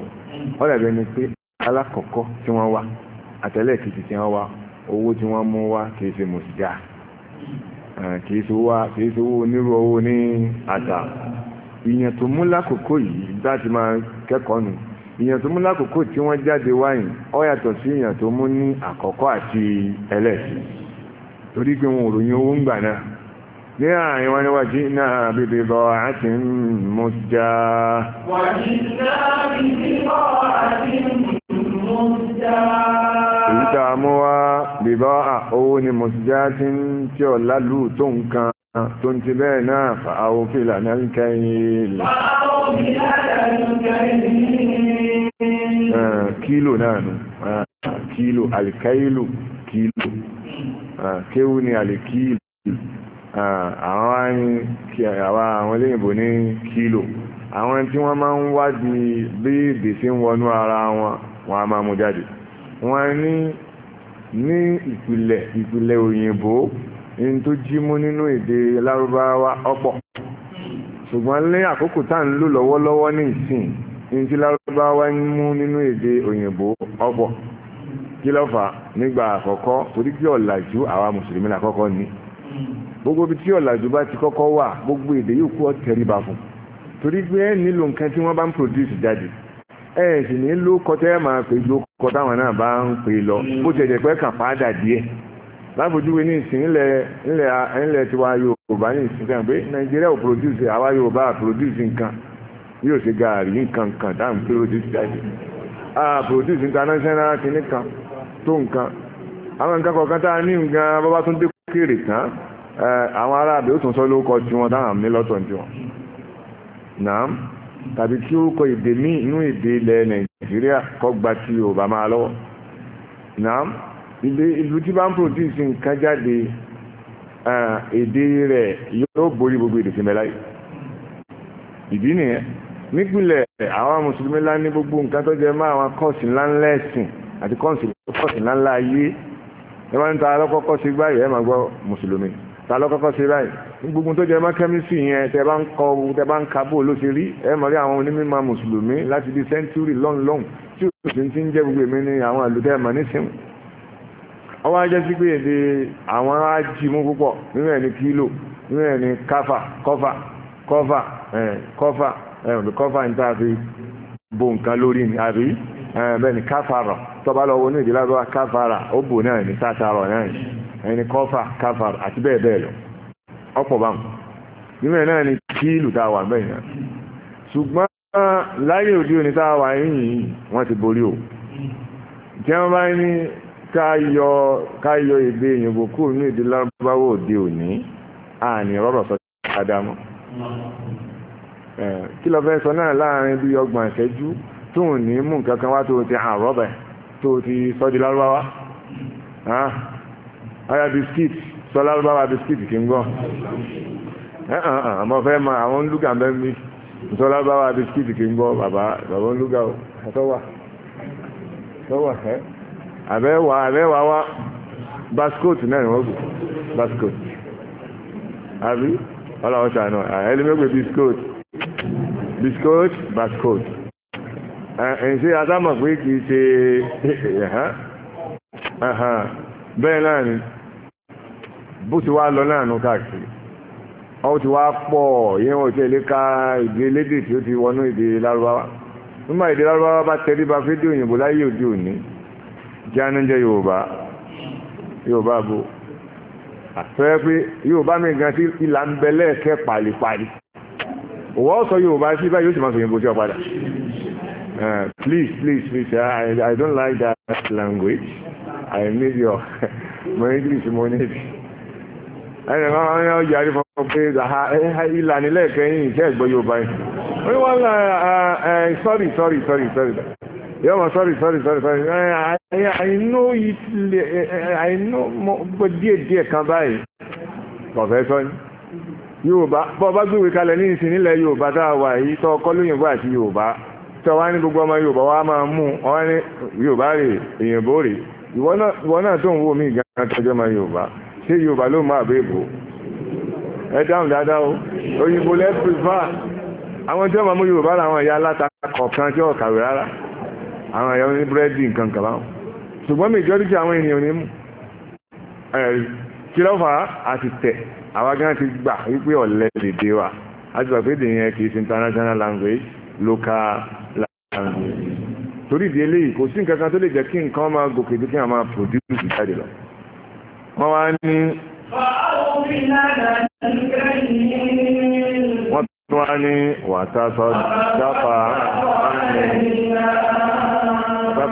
wọ́n dàbí ẹni pé alákọ̀ọ́kọ́ tí wọ́n wá àtẹ́lẹ̀ kìtì tí wọ́n wá owó tí wọ́n mú wá kìí ṣe mọ̀síjà kìí ṣe owó onírú owó ní àtà ìyẹn tó mú lákòókò yìí ti máa kẹ́kọ̀ọ́ nù ìyẹn tó mú lákòókò tí wọ́n jáde wáyìn ó yàtọ̀ sí ìyẹn tó mú ní àkọ́kọ́ àti ẹlẹ́sìn torí pé wọn ò ròyìn owó ń gbà náà ní àárín wọn ni wà jí náà bèbè bọ̀ àti mú já wà jí náà bèbè bọ̀ àti mú já èyí tá a mú wá bèbọ́ àówó ni mọ̀síjá ti ń tí ọ̀lá lù tó nǹkan Ah. tó ń ti bẹ́ẹ̀ náà fa àwòfílà náà ń kẹ́yìn ah, kílò náà nù ah, kílò alìkẹ́ìlò kílò kéwú ni alìkílò àwọn ayin kí àwọn àwọn olóyìnbó ní kílò àwọn tí wọ́n máa ń wádìí bí ìgbèsè ń wọnú ara wọn wọn a máa mú jáde wọ́n ní ní ìpìlẹ̀ ìpìlẹ̀ òyìnbó in tó jí mú nínú èdè lárúbáwá ọ̀pọ̀ ṣùgbọ́n lé àkókò tá ń lò lọ́wọ́lọ́wọ́ ní ìsìn in tí lárúbáwá ń mú nínú èdè òyìnbó ọ̀pọ̀ kí ló fà nígbà àkọ́kọ́ torí kí ọ̀làjú àwa mùsùlùmí làkọ́kọ́ ni gbogbo ibi tí ọ̀làjú bá ti kọ́kọ́ wà gbogbo èdè yóò kú ọ̀tẹ̀ríba fún torí pé ẹ nílò nǹkan tí wọ́n bá ń produce jáde ẹ sì ní ló kọtẹ́ máa pè ló kọ táwọn náà bá ń pè lọ bó ti ẹ̀jẹ̀ pẹ́ kàn pàdà díẹ̀ láfojúwe ní ìsìn nílẹ̀ tiwa yorùbá ní ìsìn kan pé nàìjíríà ò produce àwa yorùbá à produce nǹkan yóò ṣe gaari nǹkan kan dáhùn pé ó ti jáde à produce international kìíní kan tó nǹkan àwọn nǹkan kọ̀ọ̀kan tá a ní nǹkan bábá tún dé kéré tán àwọn aráàbí ó tún sọ lóko tiwọn táwọn mi lọ́tọ̀ tiwọn náà tàbí kí ó kọ èdè míì inú ìlú tí bá ń produce nǹkan jáde èdè rẹ̀ yóò borí gbogbo èdè sílẹ̀ láyé ìdí nìyẹn nípìnlẹ̀ àwọn mùsùlùmí ńlá ní gbogbo nǹkan tó jẹ mọ́ àwọn kọ́ọ̀sì ńlá ńlá ẹ̀sìn àti kọ́ọ̀sì ńlá ńlá ayé ẹ máa ń ta alọ́kọ́kọ́ sí báyìí ẹ máa gbọ́ mùsùlùmí ta lọ́kọ́kọ́ sí báyìí gbogbo tó jẹ mọ́ kẹ́mísì yẹn tẹ bá ń kọ tẹ bá ń ka bó ló ṣe rí ẹ mọ̀ rí àwọn onímọ̀ mùsùlùmí láti di sẹ́ńtúrì lọ́nlọ́n tí òṣèlú ti ń jẹ́ gbogbo èmi ní àwọn àlùtẹ́ nísìnyí ọwọ́ ajẹ́ sí pé èdè àwọn ajímú púpọ̀ nínú ẹ̀ ní kílò nínú ẹ̀ ní káfà kọfà kọfà kọfà kọfà ní tá a fi bo nǹkan lórí ni àbí bẹ́ẹ̀ ni tọ́ba lọ ní ìdílé àbúrò káfàrà ó bò náà ní náà ẹni àti bẹ́ẹ̀ bẹ́ẹ̀ lọ ọ̀pọ̀ nínú ẹ̀ náà ní kílò tá a wà bẹ́ẹ̀ náà a wà o káyọ èdè òyìnbó kúrò ní èdè lárúbáwò òde òní àní rọ́rọ̀ sọ àdámọ́ eh, kí lọ fẹ́ sọ náà láàrin bí ọgbọ̀n ìṣẹ́jú tó ń ní mú nǹkan kan wá tó ti hàn rọ́bẹ̀ tó ti sọ di lárúbáwá ara biskit sọ lárúbáwá biskit kì ń gbọ́ eh, eh, àmọ́ fẹ́ ma àwọn olùkà ń bẹ́ mi sọ lárúbáwá biskit kì ń gbọ́ bàbá bàbá olùkà ọ̀ tọ́wà tọ́wà ẹ́ àbẹ́wà àbẹ́wà wá bascoat náà ni wọ́n gbé bascoat àbí ọlọ́run ṣàánú ẹlẹ́mẹ́gbẹ̀ biscoat biscoat bascoat ẹ̀yìn sí adámọ̀ pé kì í ṣe bẹ́ẹ̀ náà ni bó ti wá lọ náà nù káàkiri ọ ti wá pọ̀ yẹn wọ́n ti ẹ̀lẹ́ ka ìdí elédè tí ó ti wọnú ìdí lárúbáwá nígbà ìdí lárúbáwá bá tẹríba fídíò òyìnbó láyé òde òní jáná jẹ́ yorùbá yorùbá bo àfẹ́ pé yorùbá mi gan ìlà ń bẹ lẹ́ẹ̀kẹ́ pàlípàlí wọ́n sọ yorùbá sí báyìí yóò sì máa sọ yìnbó sí ọ padà please please please I, I don't like that language I need your my English mo need ẹnì kan wọn yóò yarí fún ọ pé ìlànà lẹ́ẹ̀kẹ́ yìí ìṣẹ́ ìgbọ́ yorùbá yìí wọ́n ń la sorry sorry sorry yóò mọ̀ sọ́rì sọ́rì sọ́rì sọ́rì àìnú àìnú díẹ̀ díẹ̀ kan báyìí ọ̀fẹ́ sọ ní Yorùbá bọ́ bá gbéwèé kalẹ̀ ní ìsìn nílẹ̀ Yorùbá tá a wà yìí tọ́ ọkọ́ lóyìnbó àti Yorùbá tọ́ wá ní gbogbo ọmọ Yorùbá wa máa mú wọn ní Yorùbá rè èyìnbó rè ìwọ náà tó ń wo mí gan tọjọ́ ọmọ Yorùbá ṣé Yorùbá ló máa bẹ́ẹ̀ bò ẹ dáhùn dáadáa o òyìnbó lẹ́ pèfà àwọn tí wọ́n máa mú Yorùbá làwọn ìyá alátakọ̀ kan tí wọ́n kàwé rárá àwọn ẹ̀yà ní búrẹ́dì nǹkan kan báwọn ṣùgbọ́n majority àwọn ènìyàn ní mú kí ló fà á àti tẹ̀ àwa gan ti gbà wípé ọ̀lẹ́ lèdè wa a ti gbà yẹn kì ṣe international language local language torí ìdí eléyìí kò sí nǹkan kan tó lè jẹ́ kí nǹkan máa gòkè tó kí wọ́n máa produce jáde lọ wọ́n wá ní wọ́n tún wá ní wàtá sọ dápà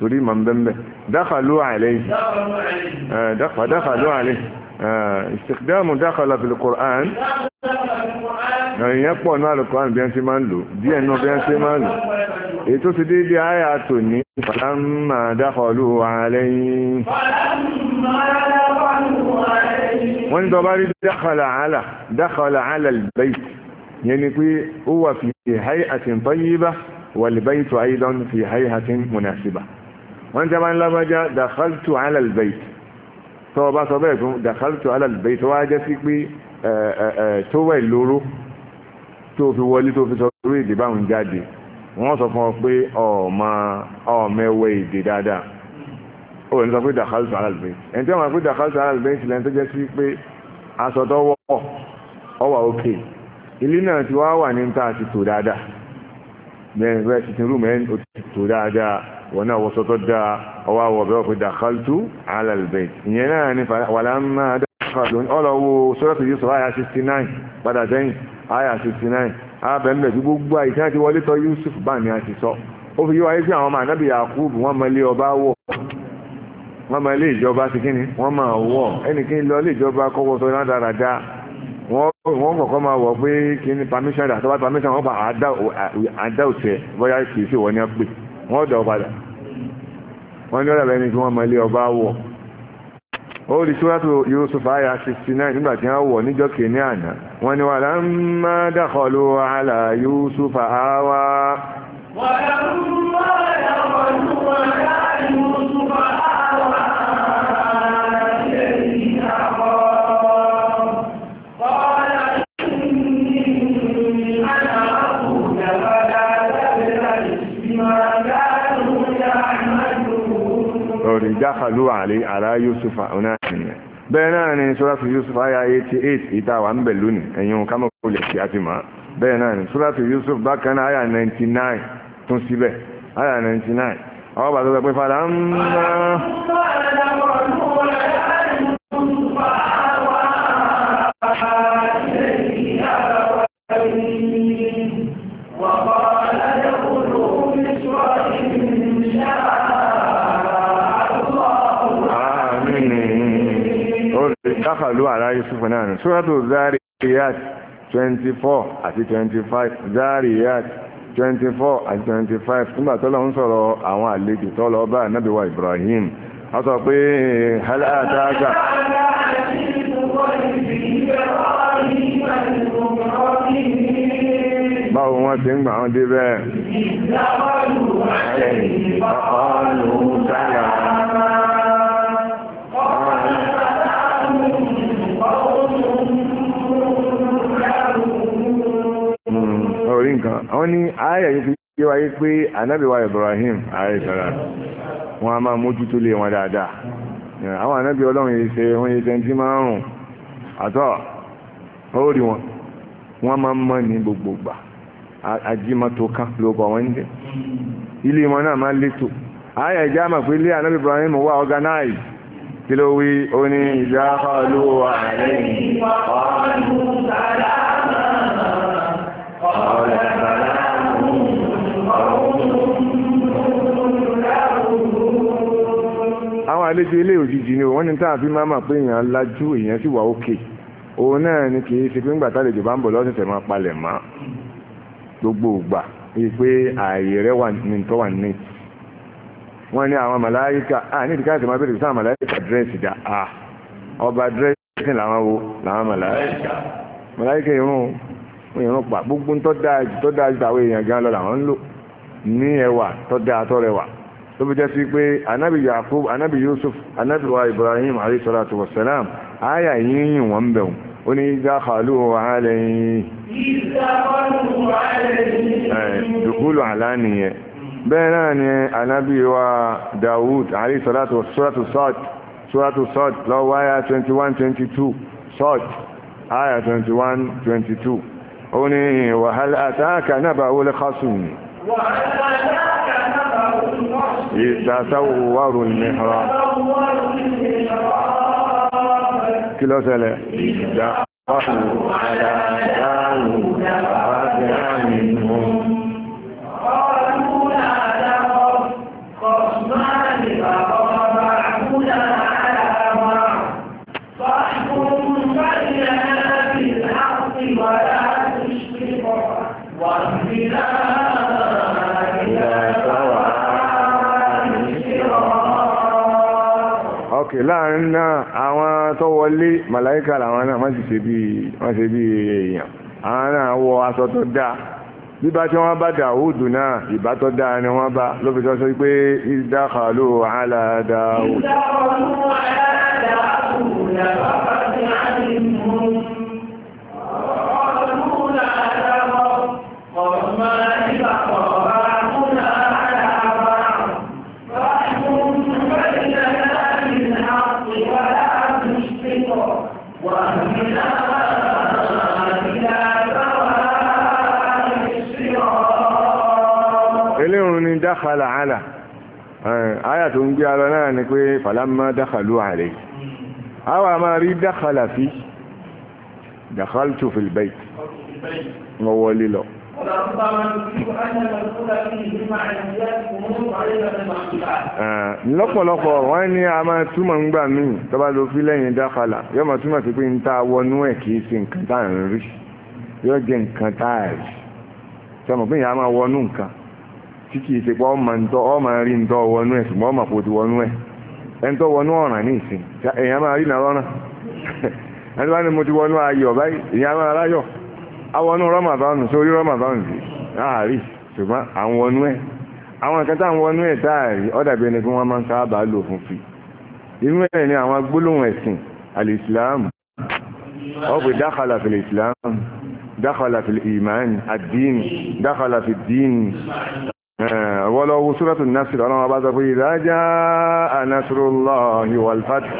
تري من بمبه دخلوا عليه دخل دخلوا عليه استخدام دخل في القرآن يقوى نوع القرآن بيان سيمانلو بيان نوع بيان سيمانلو إتو سدي دي آية أتوني فلما دخلوا عليه وان دباري دخل على دخل على البيت يعني كي هو في هيئة طيبة والبيت أيضا في هيئة مناسبة wọ́n tẹ́ bá ń lágbájá dàkáltù alàlbẹ̀t tó ọba sọ bẹ́ẹ̀ fún dàkáltù alàlbẹ̀t tó wá jẹ́ sí pé tó wẹ̀ lóró tó fi wọlé tó fi sọ orí èdè báwọn jáde wọ́n sọ fún ọ pé ọmọ ẹwẹ́ èdè dáadáa ó ní sọ pé dàkáltù alàlbẹ̀t ẹni tí wọ́n pé dàkáltù alàlbẹ̀t lẹ́ni tó jẹ́ sí pé aṣọ tó ọwà òkè ilé náà ti wá wà ní níta àti tò dáadáa bẹ́ẹ̀ ti ti rú mẹ́rin ó ti tó dáadáa wọ́n náà wọ́sọ tó dáa ọwọ́ àwọ̀ bẹ́ẹ̀ pé dàkáltù alàlùbẹ̀ ìyẹn náà ní wàlá ń máa dàkáltù ọlọ́wọ́ sọ́rọ́tì yìí sọ́rọ́ àyà 69 padà sẹ́yìn àyà 69 abẹ́mẹ̀ tí gbogbo àìsàn ti wọlé tọ́ Yusuf bá ní àti sọ ó fi yíwáyé wọ́n kọ̀ọ̀kan máa wọ̀ pé kí ni permission rẹ̀ àtọ́wá permission wọ́n bá àdá òtẹ̀ bóyá kìí sí wọ́n ní pé wọ́n dọ̀ padà wọ́n ní ọ̀rẹ́ rẹ̀ ni kí wọ́n mọ ilé ọba wọ̀ ó rí sóràtò Yusuf àyà 69 nígbà tí wọ́n wọ̀ níjọ́ kìíní àná wọ́n ní walamma dakhalu ala Yusuf àwa. walamma dakhalu ala Yusuf àwa. ìjákàlú àlẹ́ àrá Yusufa ọ̀nà ìyẹn bẹ́ẹ̀ náà ni sọ́ràtù Yusuf àyà 88 ìta wà ń bẹ̀ lónìí ẹ̀yìn kámọ́kòlẹ̀ kí a ti máa bẹ́ẹ̀ náà ni sọ́ràtù Yusuf bákan náà àyà 99 tún síbẹ̀ àyà 99 àwọn bàtọ́ sọ pé fàdà ń bá Thank you. ló wà láyé fífún náà nù sóràtò zariyat 24 àti 25 zariyat 24 àti 25 nígbà tọ́lọ́ ń sọ̀rọ̀ àwọn àlejò tọ́lọ́ bá ànábì wa Ibrahim a sọ pé halatáka báwo wọ́n ti ń gbà wọ́n dé bẹ́ẹ̀ rí nǹkan wọ́n ní ayé yìí fi yé wáyé pé Ibrahim ayé sara a máa lé wọn dáadáa àwọn ọlọ́run yìí ṣe wọ́n yìí márùn-ún àtọ́ ó rí wọn wọ́n máa ń mọ́ ní gbogbo gbà kan ló wọ́n ń jẹ́ ilé wọn náà máa létò ayé ìjà pé ilé Ibrahim wà organize kí ló wí ó ní ìjà àwọn àlejò ilé òjijì ni wọ́n ní tá a fi máa mà pé èèyàn lajú èèyàn sì wà òkè òun náà ni kì í ṣe pé ńgbà tálejò bá ń bọ̀ lọ́sẹ̀sẹ̀ máa palẹ̀ mọ́ gbogbo ìgbà bíi pé ààyè rẹ̀ wà ní tó wà ní wọ́n ní àwọn màláyíkà à ní ìdíkà àtìmọ́ abẹ́rẹ́ sáà màláyíkà dírẹ́sì dá a ọba dírẹ́sì làwọn wo làwọn màláyíkà màláyíkà irun èèyàn pa gbogbo tó dáa tó dáa ju àwọn èèyàn gan lọ làwọn ń lò ní ẹwà tó dáa tó rẹwà tó fi jẹ́ sí pé anabi yakub anabi yusuf anabi wa ibrahim alayhi salatu wa salam aya yìnyín wọn bẹ̀ wọn ó ní ìdá kàlù wàhálẹ̀ yìí dùkúlù àlá nìyẹn bẹ́ẹ̀ náà ni anabi wa dawud alayhi salatu wa suratu sọ́t suratu sọ́t lọ́wọ́ aya 21-22 sọ́t aya 21-22 أني وهل أتاك نبأ لخصم إذا المحراب كلا سلام إذا على ok láàrin náà àwọn tó wọlé màláíkà làwọn náà wọ́n sì ṣe bí wọ́n ṣe bí èèyàn àwọn náà wọ aṣọ tó dáa bíbá tí wọ́n bá dàwùdù náà ìbá tó dáa ni wọ́n bá ló fi sọ́sọ́ pé ìdákàlù àlàdáwùdù dákàlà àlà àyà tó ń gbé ara náà ni pé falamma dákàlù àlè àwa máa rí dákàlà fi dakhaltu fil bayt mo wọlé lọ lọ́pọ̀lọpọ̀ wọ́n ní a máa túmọ̀ ń gbà míì tó bá lọ fi lẹ́yìn dákàlà yóò máa túmọ̀ sí pé ń ta wọnú ẹ̀ kìí ṣe nǹkan tá ń rí yóò jẹ́ nǹkan tá rí sọmọ pé ìyá máa wọnú nǹkan tí kìí ṣe pé ọmọ ntọ́ ọmọ rí ntọ́ wọnú ẹ̀ ṣùgbọ́n ọmọ kò ti wọnú ẹ̀ ẹ̀ntọ́ wọnú ọ̀ràn ní ìsìn èèyàn máa rí nàrọ́nà ẹni bá ní mo ti wọnú ayọ̀ báyìí èèyàn máa ráyọ̀ awọnú rọ́màbáwọnù sórí rọ́màbáwọnù sí láàárí ṣùgbọ́n àwọn wọnú ẹ̀ àwọn nǹkan táwọn wọnú ẹ̀ táàrí ọ̀dàbí ẹni pé wọ́n máa ń sábà lò fún fi inú ẹ̀ ni àwọn gbólóhùn ẹ̀sìn alìsìláàmù آه، ولو سورة النصر أنا بعد إذا جاء نصر الله والفتح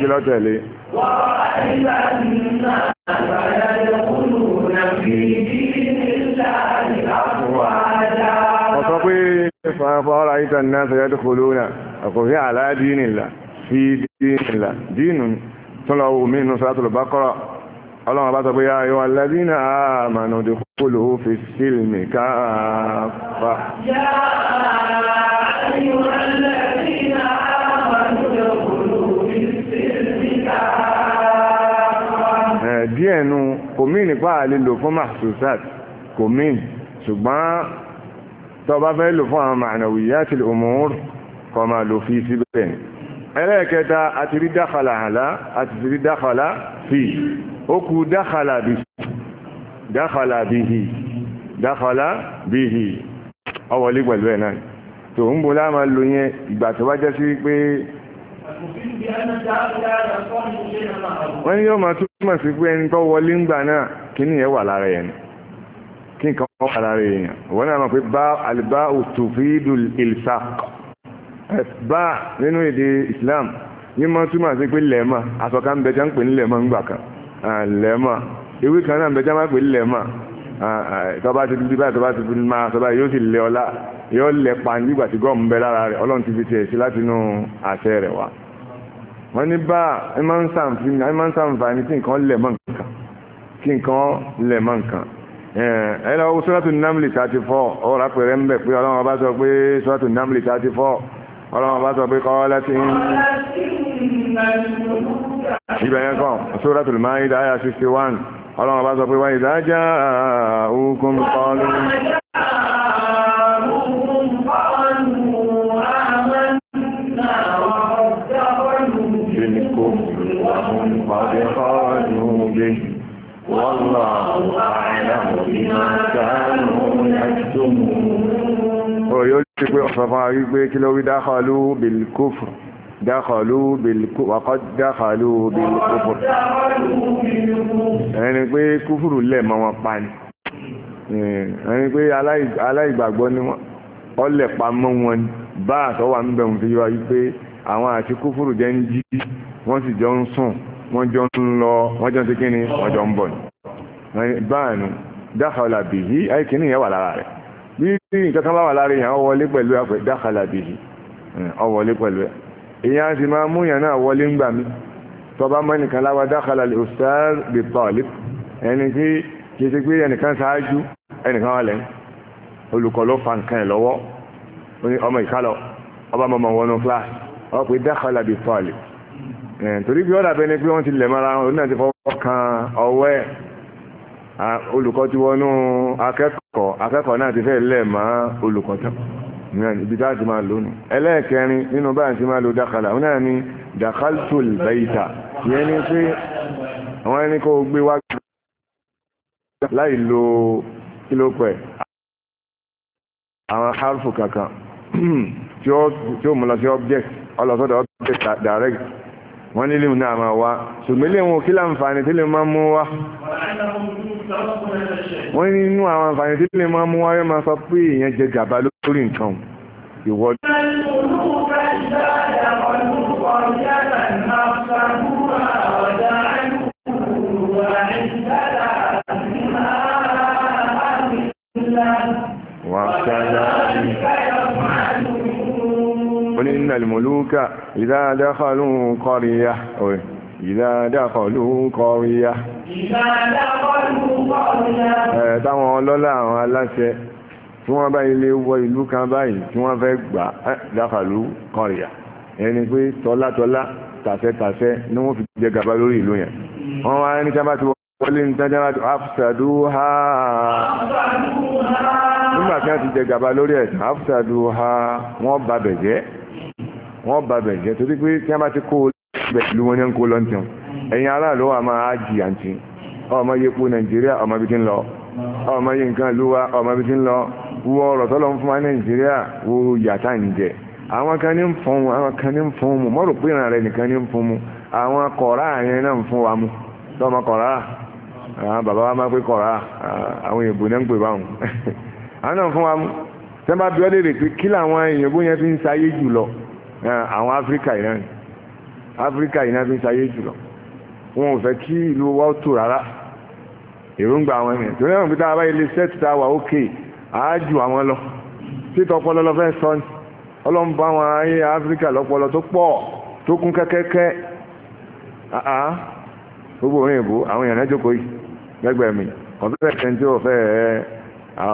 جلو تالي وعلم الناس يدخلون في دين الله أفواجا وتقي فرأيت الناس يدخلون أقول على دين الله في دين الله دين صلوا منه صلاة البقرة ọlọ́run bá sọ pé yáa yọ alẹ́dínà àmànà òdò fòlò fi sílmì káàpá díẹ̀ nu kò mí nípa àlelò fún mahsusat kò mí ṣùgbọ́n tó bá fẹ́ lò fún àwọn ma'nawiyat al-umur kó máa lò fi síbẹ̀ ẹlẹ́ẹ̀kẹta àti rí dákàlà àti rí dákàlà fi ó kú dákàlà bí dákàlà bí hì dákàlà bí hì ọwọ̀lé pẹ̀lú ẹ̀ náà tó ń bó láàmà lò yẹn ìgbà tó bá jẹ́ sí pé wọ́n ní yóò máa túmọ̀ sí pé ẹni tó wọlé ń gbà náà kí ni ẹ̀ wà lára ẹ̀ kí nǹkan wọ́n wà lára èèyàn wọ́n náà mọ̀ pé bá àlùbá òtùfídùl ìlsàk bá nínú èdè Islam mímọ́ túmọ̀ sí pé lẹ́ẹ̀mà àsọ̀ká ń bẹjá ń pè ní lẹ́ẹ̀mà ńgbà kan lẹ́ẹ̀mà ewé kan náà ń bẹjá máa pè ní lẹ́ẹ̀mà tọ́ba ti dúdú báyìí tọ́ba ti dúdú máa sọ báyìí yóò sì lẹ ọlá yóò lẹ pa nígbà tí gọ́ọ̀mù bẹ lára rẹ̀ ọlọ́run ti fi tiẹ̀ sí láti inú àṣẹ rẹ̀ wá. wọ́n ní bá ẹ máa ń sàǹfààní kí nǹkan lẹ̀ mọ́ nǹkan kí nǹkan lẹ̀ mọ́ nǹkan ọlọ́run bá sọ pé kọ́ láti ń ìbẹ̀yẹn kan Suratul Maida àyà 61 ọlọ́run bá sọ pé wáyé dájá òkun kọlu Wọ́n lọ àwọn àìyàwó bí máa dáa lórí àjọ́mù ọ̀rọ̀ yóò ti pé ọ̀sọ̀ fún àrí pé kí ló rí dákọ̀lú bilkufr dákọ̀lú bilkufr wàkọ́ dákọ̀lú bilkufr ẹni pé kúfùrù lẹ̀ mọ́ wọn pa ni ẹni pé aláìgbàgbọ́ ni wọ́n ọlẹ̀ pa mọ́ wọn ni bá àtọ́wà ń bẹ̀rù fi yọ pé àwọn àti kúfùrù jẹ́ ń jí wọ́n sì jọ ń sùn wọ́n jọ ń lọ wọ́n jọ ń ti kí ni wọ́n jọ ń bọ̀ ni báyìí dákọ̀lá bìí àìkíní yẹn wà lára rẹ̀ bí nǹkan kan bá wà lára èèyàn ọwọlé pẹ̀lú àpẹ dákàlà bìí ọwọlé pẹ̀lú ẹ̀ èèyàn sì máa mú èèyàn náà wọlé ń gbà mí tọba mẹ́nìkan láwa dákàlà lè ustaz bi talib ẹni tí kìí ṣe pé ẹnìkan ṣáájú ẹnìkan wà lẹ́yìn olùkọ́ ló fa nǹkan ẹ̀ lọ́wọ́ ọmọ ìkálọ̀ ọba mọ̀mọ́ wọnú kíláàsì ọ bi talib torí bí ọ̀dà bẹni pé wọ́n ti lẹ̀ mọ́ra wọn olùkọ́ ti wọnú akẹ́kọ̀ọ́ akẹ́kọ̀ọ́ náà ti fẹ́ lẹ̀ mọ́ olùkọ́ tán ibi tá a ti máa lò nù ẹlẹ́ẹ̀kẹrin nínú báyìí ti máa lo dakala òun náà ni dakaltul bayita ìyẹn ni pé àwọn ẹni kó gbé wá láì lo kílópẹ̀ àwọn harfu kankan tí ó mú lọ sí object ọlọ́sọ́dọ̀ object direct wọ́n nílé náà máa wá ṣùgbọ́n ilé wọn kí láǹfààní tí lè máa mú wá wọ́n ní inú àwọn àǹfààní tí lè máa mú wá yóò máa sọ pé èèyàn jẹ gàba lórí nǹkan ìwọ́dún ربك إذا دخلوا قرية إذا دخلوا قرية إذا دخلوا قرية táwọn ọlọ́lá àwọn aláṣẹ tí wọ́n bá ilé wọ ìlú kan báyìí tí wọ́n fẹ́ gbà dáfàlú kọrìyà ẹni pé tọ́látọ́lá tàṣẹ́tàṣẹ́ ni wọ́n fi jẹ gàba lórí ìlú yẹn wọ́n wá ní sábà tí wọ́n lé ní sábà tí afṣàdú ha nígbà tí wọ́n ti jẹ gàba lórí ẹ̀sán afṣàdú ha wọ́n bà jẹ́ wọ́n bá bẹ̀ jẹ́ torí pé tí wọ́n bá ti kó bẹ̀ ìlú wọn ní ń kó lọ́ntì ẹ̀yin aráàlú wa máa jì àǹtí ọmọ yẹ po nàìjíríà ọmọ ibi tí ń lọ ọmọ yẹ nǹkan ìlú wa ọmọ ibi tí ń lọ wo ọ̀rọ̀ tọ́lọ́ ń fún wa nàìjíríà wo yàtá ń jẹ àwọn kan ní ń fún mu àwọn kan ní ń fún mu mọ́rò pé ìrìn rẹ̀ nìkan ní ń fún mu àwọn kọ̀ọ̀rá yẹn náà ń fún wa mu lọ́mọ kọ̀ọ̀rá àwọn bàbá wa máa pé kọ̀ọ̀rá àwọn èèbù náà ń pè báwọn àwọn náà ń fún wa mu tẹ́ bá bí ọ́ lè rè pé kí làwọn èèyàn bó yẹn fi ń sayé jù lọ àwọn áfíríkà iná ni áfíríkà iná fi ń sayé jùlọ wọn ò fẹ́ kí ìlú wa ó tò rárá èròǹgbà àwọn ènìyàn tó lẹ́wọ̀n pé tá a bá ilé sẹ́ẹ̀tì tá a wà ókè àájù àwọn lọ títọ́ ọpọlọ lọ fẹ́ sọ ni ọlọ́run bá wọn ayé áfíríkà lọ́pọlọ tó pọ̀ tó kún kẹ́kẹ́kẹ́ àá gbogbo òun èbó àwọn èèyàn náà jókòó yìí lẹ́gbẹ̀ẹ́ mi ọ̀fẹ́ fẹ́ẹ́ tẹ́ntí ọ̀fẹ́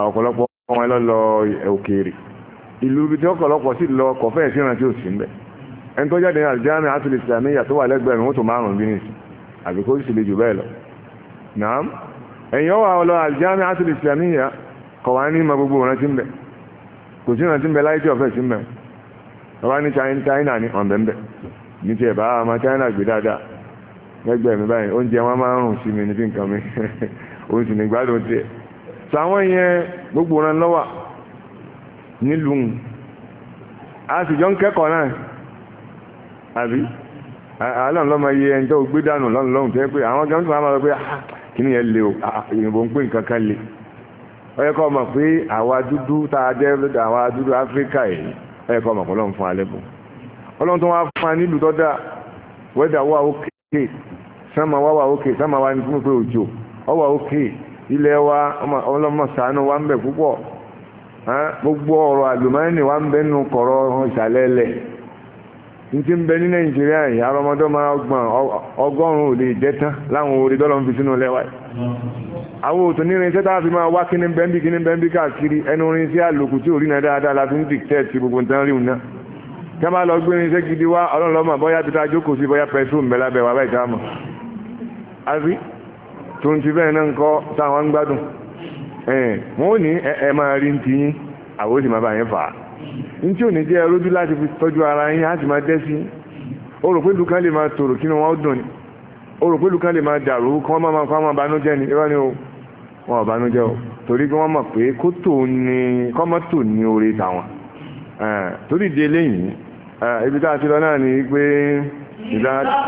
ọ̀pọ̀lọpọ̀ wọn lọ lọ òkèèrè ìlú ibi tí ọ̀pọ̀lọpọ̀ sí lọ kọ̀fẹ́ ìfihàn tí ó sì ń bẹ̀ ẹni tó jáde ní aljami atul islamiyya tó wà lẹ́gbẹ̀rún ó tó márùn-ún bí nìsí àbí kó sì le jù bẹ́ẹ̀ lọ naam ẹ̀yìn ọwà ọlọ aljami atul islamiyya kọ̀ wá ní ma gbogbo ọ̀nà tí ń bẹ̀ kò sí ọ̀nà tí ń bẹ̀ láì tí ọ̀fẹ́ sí ń bẹ̀ ọba ní China ní ọ̀nbẹ̀ńbẹ̀ ní ti ẹ̀bá ọmọ China gbé dáadáa lẹ́gbẹ̀ẹ́ mi báyìí oúnjẹ wọn máa ń rùn sí mi ní fi nǹkan mi òun sì ní gbádùn tiẹ̀ sàwọn yẹn gbogbo ọ̀nà lọ́wọ́ nílùú a sì jọ ń kẹ́kọ̀ọ́ náà àbí iye ẹni tó gbé dànù lọ́nlọ́hùn tó yẹ pé àwọn tó máa lọ pé ah, kí o ìyìnbó ń pè nǹkan kan lè ó yẹ afirika mọ̀ pé àwa dúdú tá a jẹ́ àwa dúdú áfíríkà yìí mọ̀ fún alẹ́ wa nílùú tó wa ọlọ́mọ ṣàánú wa ń gbogbo ọrụ àlùmọ́ọ́nì wa ń bẹ nù kọ̀rọ̀ ọ̀hún ìsàlẹ̀lẹ̀ ntí ń bẹ ní nàìjíríà yìí arọmọdọ́ máa gbọ̀n ọgọ́rùn-ún òde ìjẹ́tán láwọn orí ń fi sínú lẹ́wà yìí àwọn òtún tá a fi máa wá káàkiri ẹnu àlòkù tí dáadáa la fi ń gbogbo nǹkan rí kí a máa lọ gbé irinṣẹ́ gidi wá ọlọ́run lọ́mọ bóyá wọ́n ò ní ẹ máa rí ti yín àwọn òsì máa bá fà á ní tí ò ní jẹ́ láti fi tọ́jú ara yín á sì máa dẹ́ sí o rò pé lukan lè máa tòrò kí ni wọ́n dùn ni o rò pé lukan lè máa dàrú kí ni o banújẹ́ a ti lọ náà إذا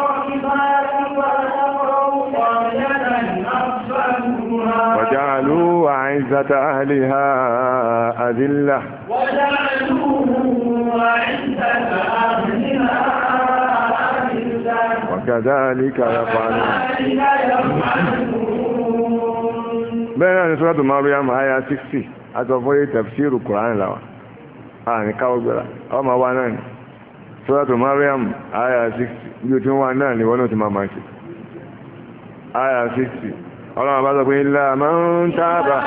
وجعلوا عزة أهلها أذلة وكذلك يفعلون بين أن سورة مريم آية 60 أتوفي تفسير القرآن لها آه نكاو بلا أو ما وانا sọ́dọ̀tọ̀ mariam aya 60 bí o ti wà náà ni wọ́n náà ti máa máa ṣe aya 60 ọlọ́run bá sọ pé ńlá máa ń tábà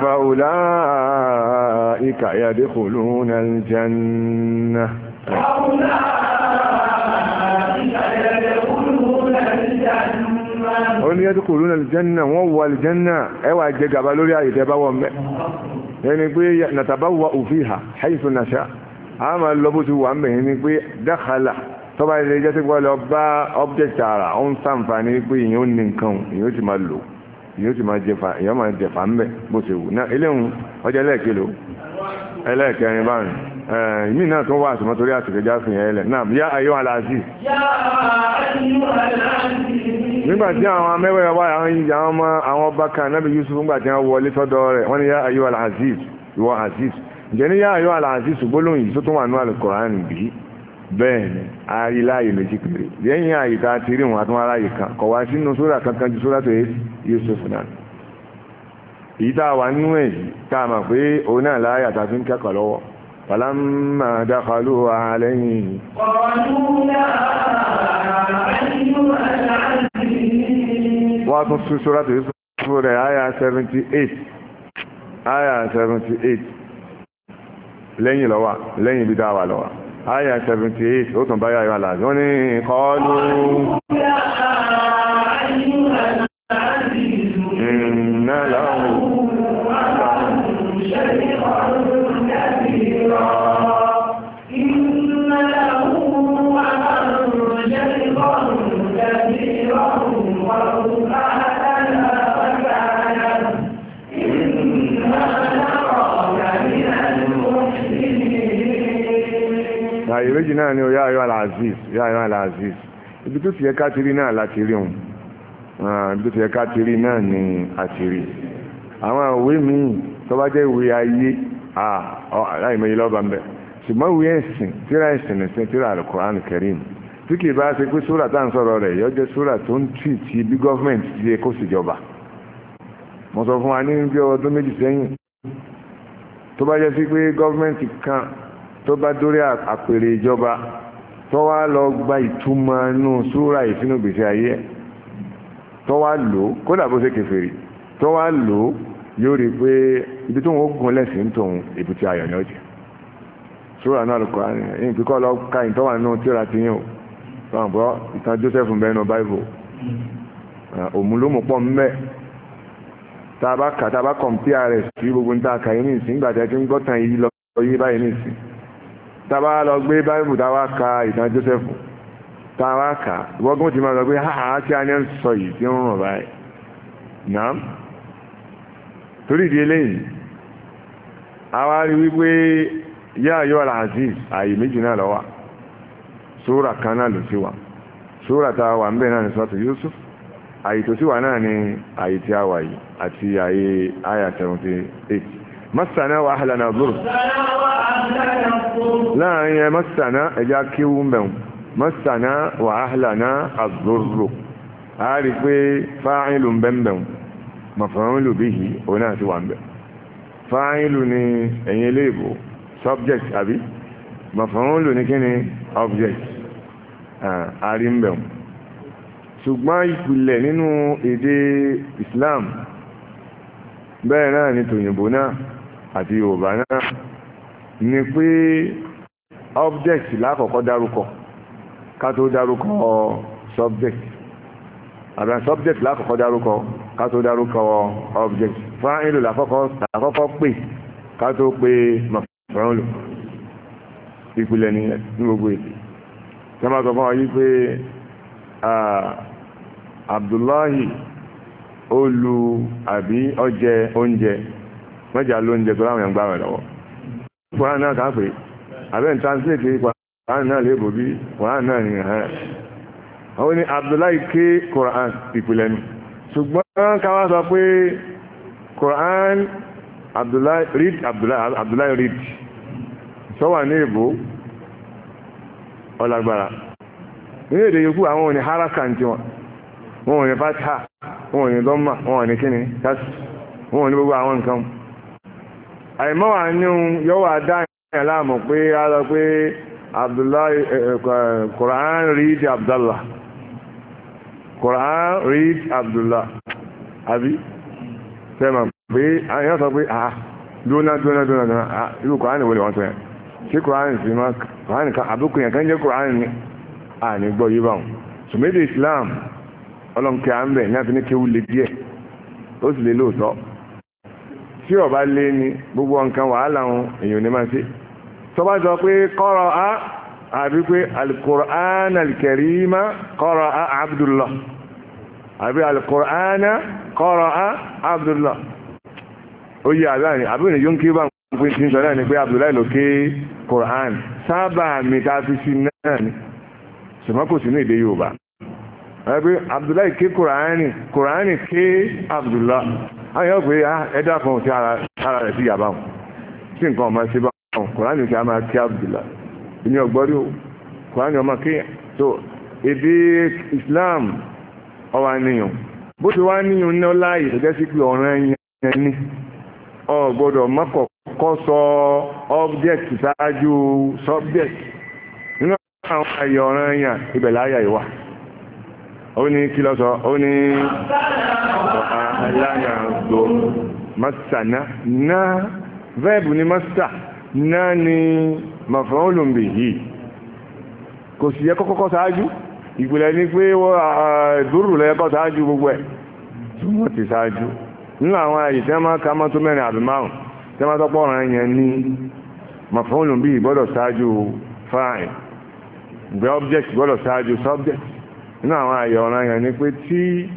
فأولئك يدخلون الجنة ó ní ẹ́dùkù lónà aljanna wọ́n wọ aljanna ẹwà jẹ gàba lórí ààyè tẹ́ bá wọ́n mẹ́ ẹni pé nàtàbá wà òfin ha haythu nasha a máa lọ bó ti wà mẹ́ ni pé dákàlà tọ́ba ilé jẹ́ sí pọ́lọ bá ọ́bjẹ́tì ara ó ń ìmí eh, náà tó wà àsùnmọ́ torí àtìkẹjá fi hàn ẹlẹ̀ náà yá ayọ́ aláàzì nígbà tí àwọn amẹ́wẹ̀ẹ́ wà àwọn ìjà àwọn ọmọ àwọn ọba kan nábì Yusuf ńgbà tí wọ́n wọlé sọ́dọ̀ rẹ̀ wọ́n ní yá ayọ́ aláàzì ìwọ aziz ǹjẹ́ ní yá ayọ́ aláàzì ṣùgbọ́n yìí tó tún wà ní alukọ̀rán bí bẹ́ẹ̀ ni ayé láàyè méjì péré lẹ́yìn àyè tá a ti rí wọn àtúnwá láàyè kan kọ̀ wá sínú sóra kankan ju sóra tó yẹ Yusuf náà èyí tá a wà nínú ẹ̀ tá a mọ̀ pé òun náà láàyè àtàfin kẹ́kọ̀ọ́ lọ́wọ́ فلما دخلوا عليه قالوا لا أيها العزيز وفي سورة يوسف آية 78 آية 78 lẹ́yìn lọ́wà lẹ́yìn bí dáwà lọ́wà. Aya 78, ó tún báyà yọ àlàájú. Wọ́n ní kọlu. méjì náà ni ya ayọ́ alaziz ya ayọ́ alaziz ibi tó ti yẹ ká náà láti rí òun ah, ibi tó ti yẹ ká náà ni àti rí àwọn ìwé míì tó bá jẹ́ ìwé ayé láìmọye lọ́ba ń bẹ̀ ṣùgbọ́n ìwé ẹ̀sìn tíra ẹ̀sìn ẹ̀sìn tíra alukoran karim tí kì í bá ṣe pé súrà tá à ń sọ̀rọ̀ rẹ̀ yọ jẹ́ súrà tó ń tì tí bí gọ́fìmẹ̀ntì ti yẹ kó ṣèjọba mo sọ fún wa ní bí ọdún méjì sẹ́yìn tó bá jẹ́ sí pé gọ́fìmẹ̀ntì kan tó bá dórí àpèrè ìjọba tó wá lọ gba ìtumọ̀ inú súra ìfinú gbèsè ayé tó wá lò ó kódà bó ṣe kèfèrí tó wá lò ó yóò rí i pé ibi tó ń gún lẹ́sìn tòun èbúté ayọ̀ ni ó jẹ́ súra náà lùkọ́ ẹ̀yìn píkọ́ lọ ka ìtọ́ wà nínú tíra ti yín o wọn bọ́ ìtàn Joseph mbẹ́nu Bible òmùlùmù pọ̀ mbẹ́ tá a bá kà tá a bá kọ̀m̀pìà rẹ̀ sí gbogbo ní tá a kà yín nìsín gbàtẹ́ tí ń gbọ́tàn yìí lọ yín báyìí nìsín tàbá lọ gbé ka ìtàn Joseph ka ti máa lọ ha a ní sọ yìí tí ń rùn báyìí náà torí ìdí eléyìí àwa rí aziz méjì náà kan náà ló a wà náà Yusuf tó náà ní tí a wà yìí àti masana wa ahlana dhur láàrin ẹ masana ẹja kíwú mẹ́un masana wa ahlana adhurru a rí pé fáìlù bẹ́m̀bẹ̀un mafàánlù bí i òun àti wà ń bẹ̀ fáìlù ni ẹ̀yìn iléèbò subject àbí mafàánlù ní kíni object a rí ń bẹ̀un ṣùgbọ́n ìpìlẹ̀ nínú èdè Islam bẹ́ẹ̀ náà ni tòyìnbó náà àti yorùbá náà ni pé object lákọ̀ọ́kọ́ dárúkọ ká dárúkọ subject àbí subject lákọ̀ọ́kọ́ dárúkọ ká tó dárúkọ object fáìlù lákọ̀ọ́kọ́ pè ká tó pè mọ̀fẹ́rànlò ìpìlẹ̀ ní gbogbo èdè tí wọ́n sọ fún ọ pé Abdullahi ó lu àbí ó oúnjẹ mẹ́jà ló ń jẹ tó láwọn yẹn gbá rẹ̀ lọ́wọ́ kùránì náà kà pé abẹ́ ń translate kùránì náà léèbò bí kùránì náà ni ẹ̀hán àwọn ni Abdullahi ké kùránì ìpìlẹ̀ ni ṣùgbọ́n káwá sọ pé kùránì Abdullahi read Abdullahi read sọ́wà ní èbó ọlágbára nínú èdè yòókù àwọn òní haraka ti wọn wọn òní fatiha wọn òní dọ́mà wọn òní kíni wọn òní gbogbo àwọn nǹkan àìmọ́ wà ní ohun yóò wà pé a lọ pé Abdullahi eh, eh, Quran Abdullah Quran read Abdullah àbí fẹ́mà pé àyàn sọ pé ah dúnà dúnà dúnà dúnà ah, irú Quran wọlé wọn sọ yẹn ṣé sí kan jẹ́ ni a ní gbọ́ yí Islam ọlọ́nkẹ́ à ń bẹ̀ ní tí ọba lé ní gbogbo nǹkan wàhálà wọn èèyàn ní máa ṣe tọba sọ pé kọ́rọ̀ á àbí pé alukur'an alkarima kọ́rọ̀ á abdullah àbí alukur'an kọ́rọ̀ á abdullah ó yẹ àbí àní àbí òní yóò bá ń pín tí ń sọ náà ni pé abdullahi ló ké kur'an sábà mi ta fi sí náà ni ṣùgbọ́n kò sí èdè yorùbá àbí abdullahi ké ké àwọn yóò ya ẹ̀dá kan nke ara rẹ̀ ya yàbá si tí ọma ọmọ bá wọn kùránì nke a máa kí abdullah ìní ọgbọ́rí o kùránì ọmọ kéèyàn tó islam ọwa níyàn bó ti wá níyàn ní ọláyè tó jẹ́ ọ ṣáájú nínú àwọn oni ní kí lọ́sọ ó ní aláàgbò mọ́sà naa vẹ́ẹ̀bù ni na ni mọ̀fọ́lùmbì yìí kò sí saju. kọ́kọ́kọ́ sáájú ìpìlẹ̀ ní pé dúrù lẹ́yẹkọ́ sáájú gbogbo ẹ̀ tí wọ́n ti sáájú nínú àwọn àyè tí wọ́n máa ka mọ́tò mẹ́rin àbí márùn tí wọ́n tọ́pọ̀ inú àwọn àyè ọ̀ràn yẹn ni pé tí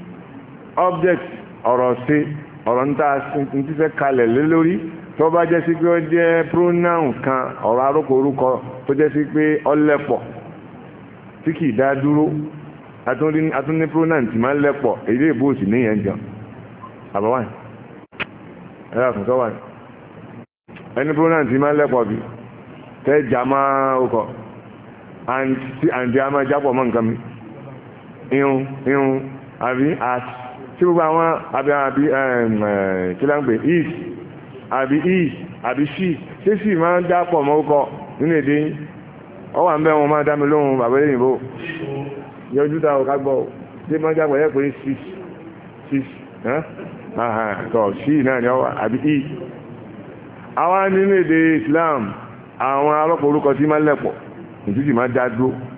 object ọ̀rọ̀ sí ọ̀rọ̀ níta ti kalẹ̀ lé lórí tó bá jẹ́ sí pé ó jẹ́ pronoun kan ọ̀rọ̀ arókò orúkọ tó jẹ́ sí pé ọlẹ́pọ̀ tí kì í dá dúró atúndí pronoun ti máa ń lẹ́pọ̀ èdè ìbò òsì ẹ̀rọ àtúntọ́ wà ní ẹni pronoun máa ń lẹ́pọ̀ bí tẹ́ jà máa àǹtí àmà jápọ̀ mọ́ nǹkan mi. irun irun àbí at tí gbogbo àwọn àbí àbí eh, kíláǹgbè is àbí is àbí sí ṣé sì máa ń dápọ̀ mọ́kọ nínú èdè yín ọwọ́ à ń bẹ́ wọn máa dá mi lóhùn bàbá eléyìnbó yọjú ta ò ká gbọ́ ò ṣé máa ń dápọ̀ pé six six tọ̀ sí náà ni ọwọ́ àbí e àwọn nínú èdè Islam àwọn alọ́pọ̀ orúkọ tí máa lẹ̀pọ̀ ìtútù máa dá dúró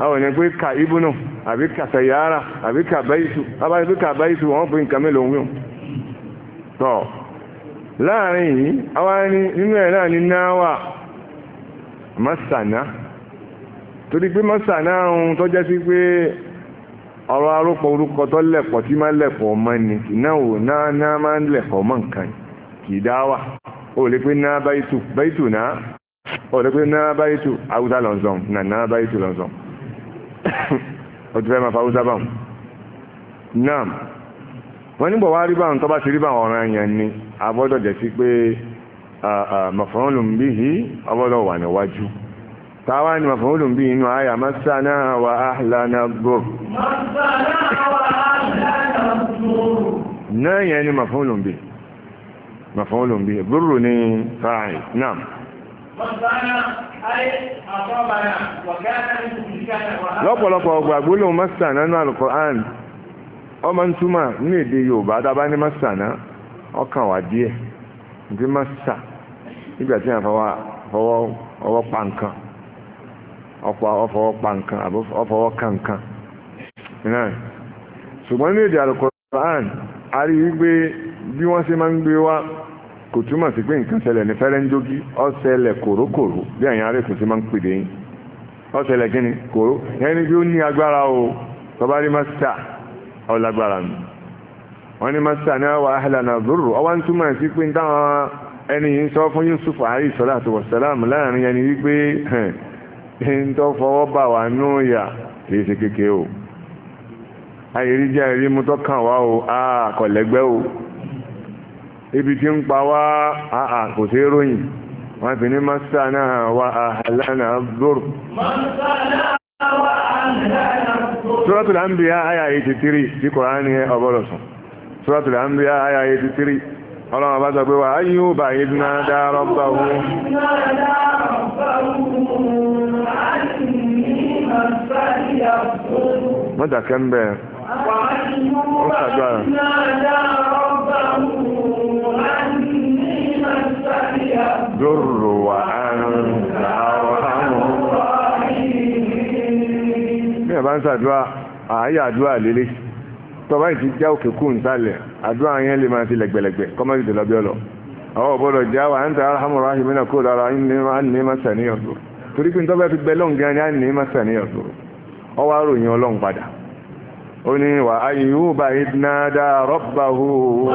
àwọn ènìyàn pé ka náà àbí ka sẹ̀yàrà àbí ka báyìtù abáyé ka báyìtù wọ́n pè nǹkan mélòó wíwọ̀n tọ láàrin yìí àwọn ẹni nínú ẹ̀ náà ní náwà masana torí pé masana ohun tó jẹ́ sí pé ọ̀rọ̀ arúpọ̀ orúkọ tó lẹ̀pọ̀ tí máa lẹ̀pọ̀ ọmọ ni ìnáwó náà náà máa lẹ̀pọ̀ ọmọ nǹkan kì í dá wà ó lè pé náà báyìtù báyìtù náà ó ó ti fẹ́ máa fa hausa báwọn náà wọ́n nígbà wá rí báwọn tó bá ti rí báwọn ọ̀ràn yẹn ni abọ́dọ̀ jẹ́ sí pé mọ̀fọ́n ló ń bí yìí ọbọ́dọ̀ wà níwájú táwa ni mọ̀fọ́n ló ń inú àyà masana wa ahlana gbò náà yẹn ni mọ̀fọ́n ló ń bí ní fáàyè lọ́pọ̀lọpọ̀ ọgbà gbólóhùn mọ́sánà nínú Al-Qur'an ọmọ ń ní èdè Yorùbá dábá ní mọ́sánà ọkàn wà díẹ̀ ní nígbà tí wọ́n fọwọ́ pa nǹkan ọfọwọ́ ṣùgbọ́n ní èdè a rí wípé bí wọ́n ṣe máa ń gbé kò túmọ̀ sí pé nǹkan ṣẹlẹ̀ ní fẹ́rẹ́ńdógí ọ̀ṣẹlẹ̀ kòrókòró bí àyàn máa ń yín ọ̀ṣẹlẹ̀ kí ni kòró bí ó ní agbára o tọ́ba rí mọ́sítà ọ̀làgbára wà ọwọ́ ń túmọ̀ sí pé fún Yusuf láàrin ẹni wípé ń tọ́ fọwọ́ bà wà nú kì í ṣe kékeré o wá o ibi tí ń pa wá àà kò sí ròyìn wọ́n fi ní masá náà wá àhàlánà zoro suratul anbiya aya 83 tí kòránì ọbọ̀rọ̀ sùn suratul anbiya aya 83 ọlọ́run bá sọ pé wà ayyuba idna da rabbahu mọ́tàkẹ́ ń bẹ̀rẹ̀ ó sàdúrà الضر وأنت أرحم الراحمين bí ẹ bá ń ṣàdúrà àáyà àdúrà lélẹ̀ tọba ìtì já òkè kú nsàlẹ̀ àdúrà yẹn lè máa ti lẹ̀gbẹ̀lẹ̀gbẹ̀ kọ́mọ́ ìdè lọ́bí ọlọ àwọn ọ̀bọ̀dọ̀ já wà ń ta arhamur ó ní wà Ayyuba idnada rabbahu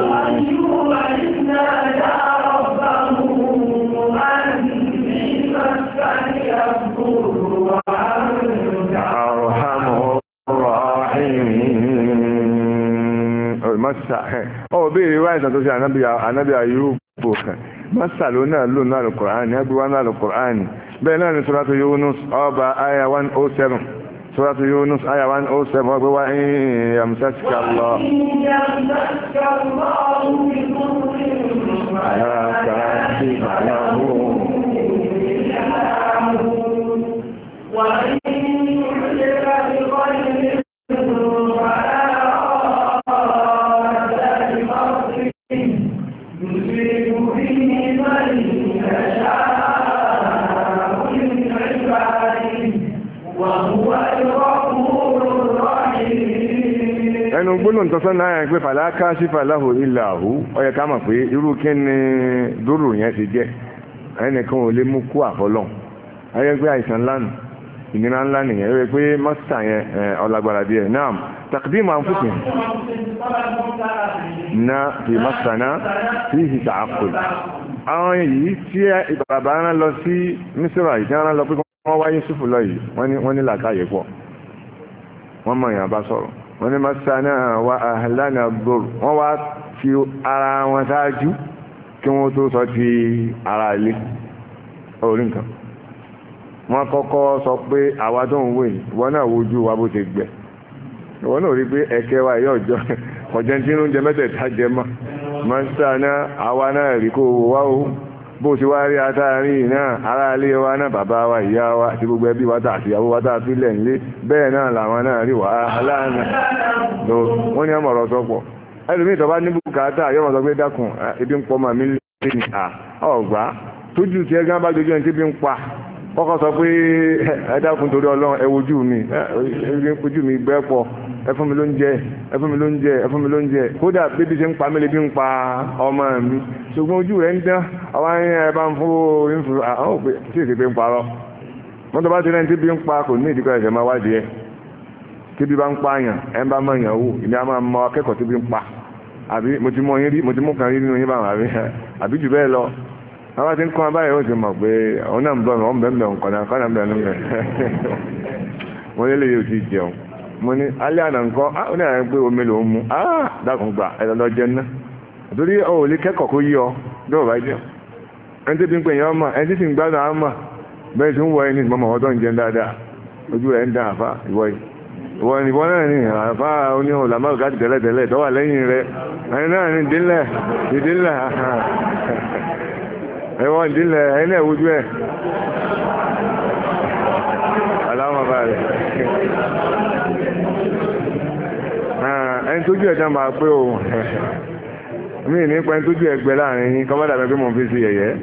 mọ́sà ọ̀ bí ìwá ìsàn tó ṣe ànábì Ayyubu kan mọ́sà ló náà lò náà lùkùránì ẹgbẹ́ wá náà lùkùránì bẹ́ẹ̀ náà ní Suratu Yunus ọba aya 107 سورة يونس آية 107 وإن يمسسك الله يمسسك الله بضر فلا كاشف له وإن يعجبك بخير فلا ẹnu gbólóhùn tọ́sán náà yẹn pé fàlákà sí fàláhù ilà àhú ká mọ̀ pé irú kí dúró yẹn ti jẹ́ ẹnìkan ò lè mú kú àfọlọ́n ayé pé àìsàn lánàá ìnira ńlá nìyẹn ó pé mọ́sítà yẹn ọ̀làgbàrà díẹ̀ náà na fi mọ́sítà náà fi ìhìtà àpò àwọn yìí tí bàbá lọ sí mísírà yìí tí wọ́n lọ pé wọ́n wáyé lọ yìí wọ́n ní làkàyè pọ̀ wọ́n bá sọ̀rọ̀ wọ́n ní masana wa ahlana dhur wọ́n wá ti ara wọn sáájú kí wọ́n tó sọ ti ara ilé orí nǹkan wọ́n kọ́kọ́ sọ pé àwa tó ń wò yìí wọ́n náà wojú wa bó ti gbẹ wọ́n náà rí pé ẹ̀kẹ́ wa yóò jọ kọ̀jẹ́ntínú jẹ mẹ́tẹ̀ẹ̀ta jẹ mọ́ masana àwa náà rí kó wá o bó ti wá rí atáàrí náà ará ilé wa náà bàbá wa ìyá wa àti gbogbo ẹbí wa tà àtìyàwó wa tà sílẹ̀ nílé bẹ́ẹ̀ náà làwọn náà rí wàhálà náà lọ wọ́n ní ọmọ ọ̀rọ̀ sọ́pọ̀ ẹlòmíì tó bá ní bùkátà yóò mọ̀ sọ pé dákun ebi ń pọ̀ mà mí lé ní à ọ̀gbá tójú tí ẹgán bá dojú ẹni tí bí ń pa kọ́kọ́ sọ pé ẹ dákun torí ọlọ́run ẹ wojú mi ojú mi gbẹ́ ẹ fún mi lóúnjẹ ẹ fún mi lóúnjẹ ẹ fún mi lóúnjẹ kódà bébí ṣe ń pa mélebí ń pa ọmọ mi ṣùgbọ́n ojú rẹ̀ ń dán àwọn ẹni ẹ bá ń fún ìfún àwọn òpè tí èsì pé ń parọ́ mọ́tò bá ti rẹ́ ti bí ń pa kò ní ìdíkọ̀ ẹ̀ṣẹ̀ máa wádìí ẹ̀ tí bí bá ń pa àyàn ẹ̀ ń bá mọ̀ yàn wò ìdí a máa mọ akẹ́kọ̀ọ́ tí bí ń pa àbí mo ti mọ yín rí mo ti mú kan rí nínú yín báwọn àbí jù bẹ́ẹ̀ lọ àwọn ti ń kọ́ abáyé ó ti mọ̀ pé òun ń bọ̀ mọ̀ ọ́n bẹ́ẹ̀ mẹ́rin kọ́nà kọ́nà bẹ́ẹ̀ mẹ́rin mo lélẹ́yìí ò ti jẹun mo ní alẹ́ àná nǹkan ah, á ó ní àyẹ̀ pé omi lòún mu á ah, dákun gbà ẹ̀ lọ́dọ̀ jẹ́ ná torí ọ̀ ò lè kẹ́kọ̀ọ́ kó yí ọ lọ́wọ́ bá jẹ́ ẹni tí ń pè yẹn ọmọ ẹni tí sì ń gbádùn àmà bẹ́ẹ̀ tí ń wọ ẹni ìgbọ́mọ̀ ọ̀tọ̀ ń jẹun dáadáa ojú rẹ̀ ń dán àfá ìwọ yìí ìwọ ìbọn náà ni àfá oníhùn làmáwò káàdì tẹ́lẹ̀tẹ́lẹ̀ tọ́wà lẹ́yìn rẹ̀ ẹni náà ni ìdílẹ̀ ìdílẹ̀ ẹwọ́n ìdílẹ̀ ẹni ẹ̀wọ́jú ẹ̀ aláwọ̀ bá rẹ̀. ẹni tójú ẹ̀ tán máa pé o mí nípa ẹni tójú ẹgbẹ́ láàrin yín kọ́ bá dàbẹ́ pé mo fi ṣe yẹ̀yẹ́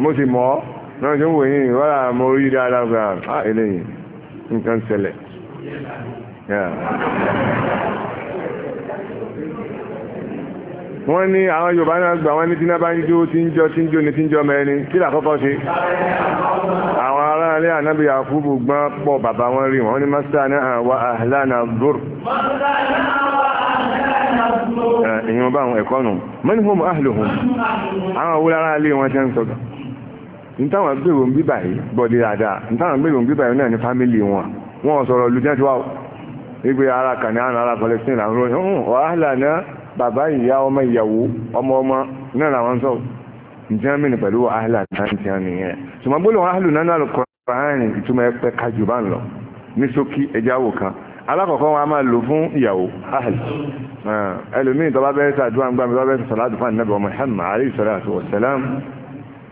mo sì mọ̀ ọ́ náà ṣe ń wò yín wọ́n mo rí dáadáa gba á eléyìí nǹkan ṣẹlẹ̀. wọ́n ní àwọn Yorùbá náà gbà wọ́n ní tí náà bá ń jó tí ń jọ tí ń jó ni tí ń jọ mẹ́rin kí làkọ́kọ́ ṣe. anábì àkúbù gbọ́n pọ̀ bàbá wọn rí wọn ní mọ́sá na wà àhìlànà dùr èyàn bá àwọn ẹ̀kọ́ nù mọ́nìhùn áhìlòhùn àwọn owó lára ilé wọn ṣe ń sọ́gbà ntáwọn gbèrò ń bíbà yìí bọ̀dé dáadáa ntáwọn gbèrò ń bíbà yìí náà ní wọn wọn sọ̀rọ̀ lùjẹ́ ti wá wípé ara kàní ara palestine bàbá ìyá ọmọ ìyàwó ọmọ fàárin ìtumọ̀ ẹ̀pẹ́ kájù bá ń lọ ní sókí ẹja wò kan alákọ̀ọ́kọ́ wọn a máa lò fún ìyàwó ahàlì ah, ẹlòmíì tó bá bẹ́ẹ̀ sàdúrà ń gbà mí tó bá bẹ́ẹ̀ sọ̀rọ̀ àdúfà nàbẹ̀ Muhammad alayhi salatu wa salam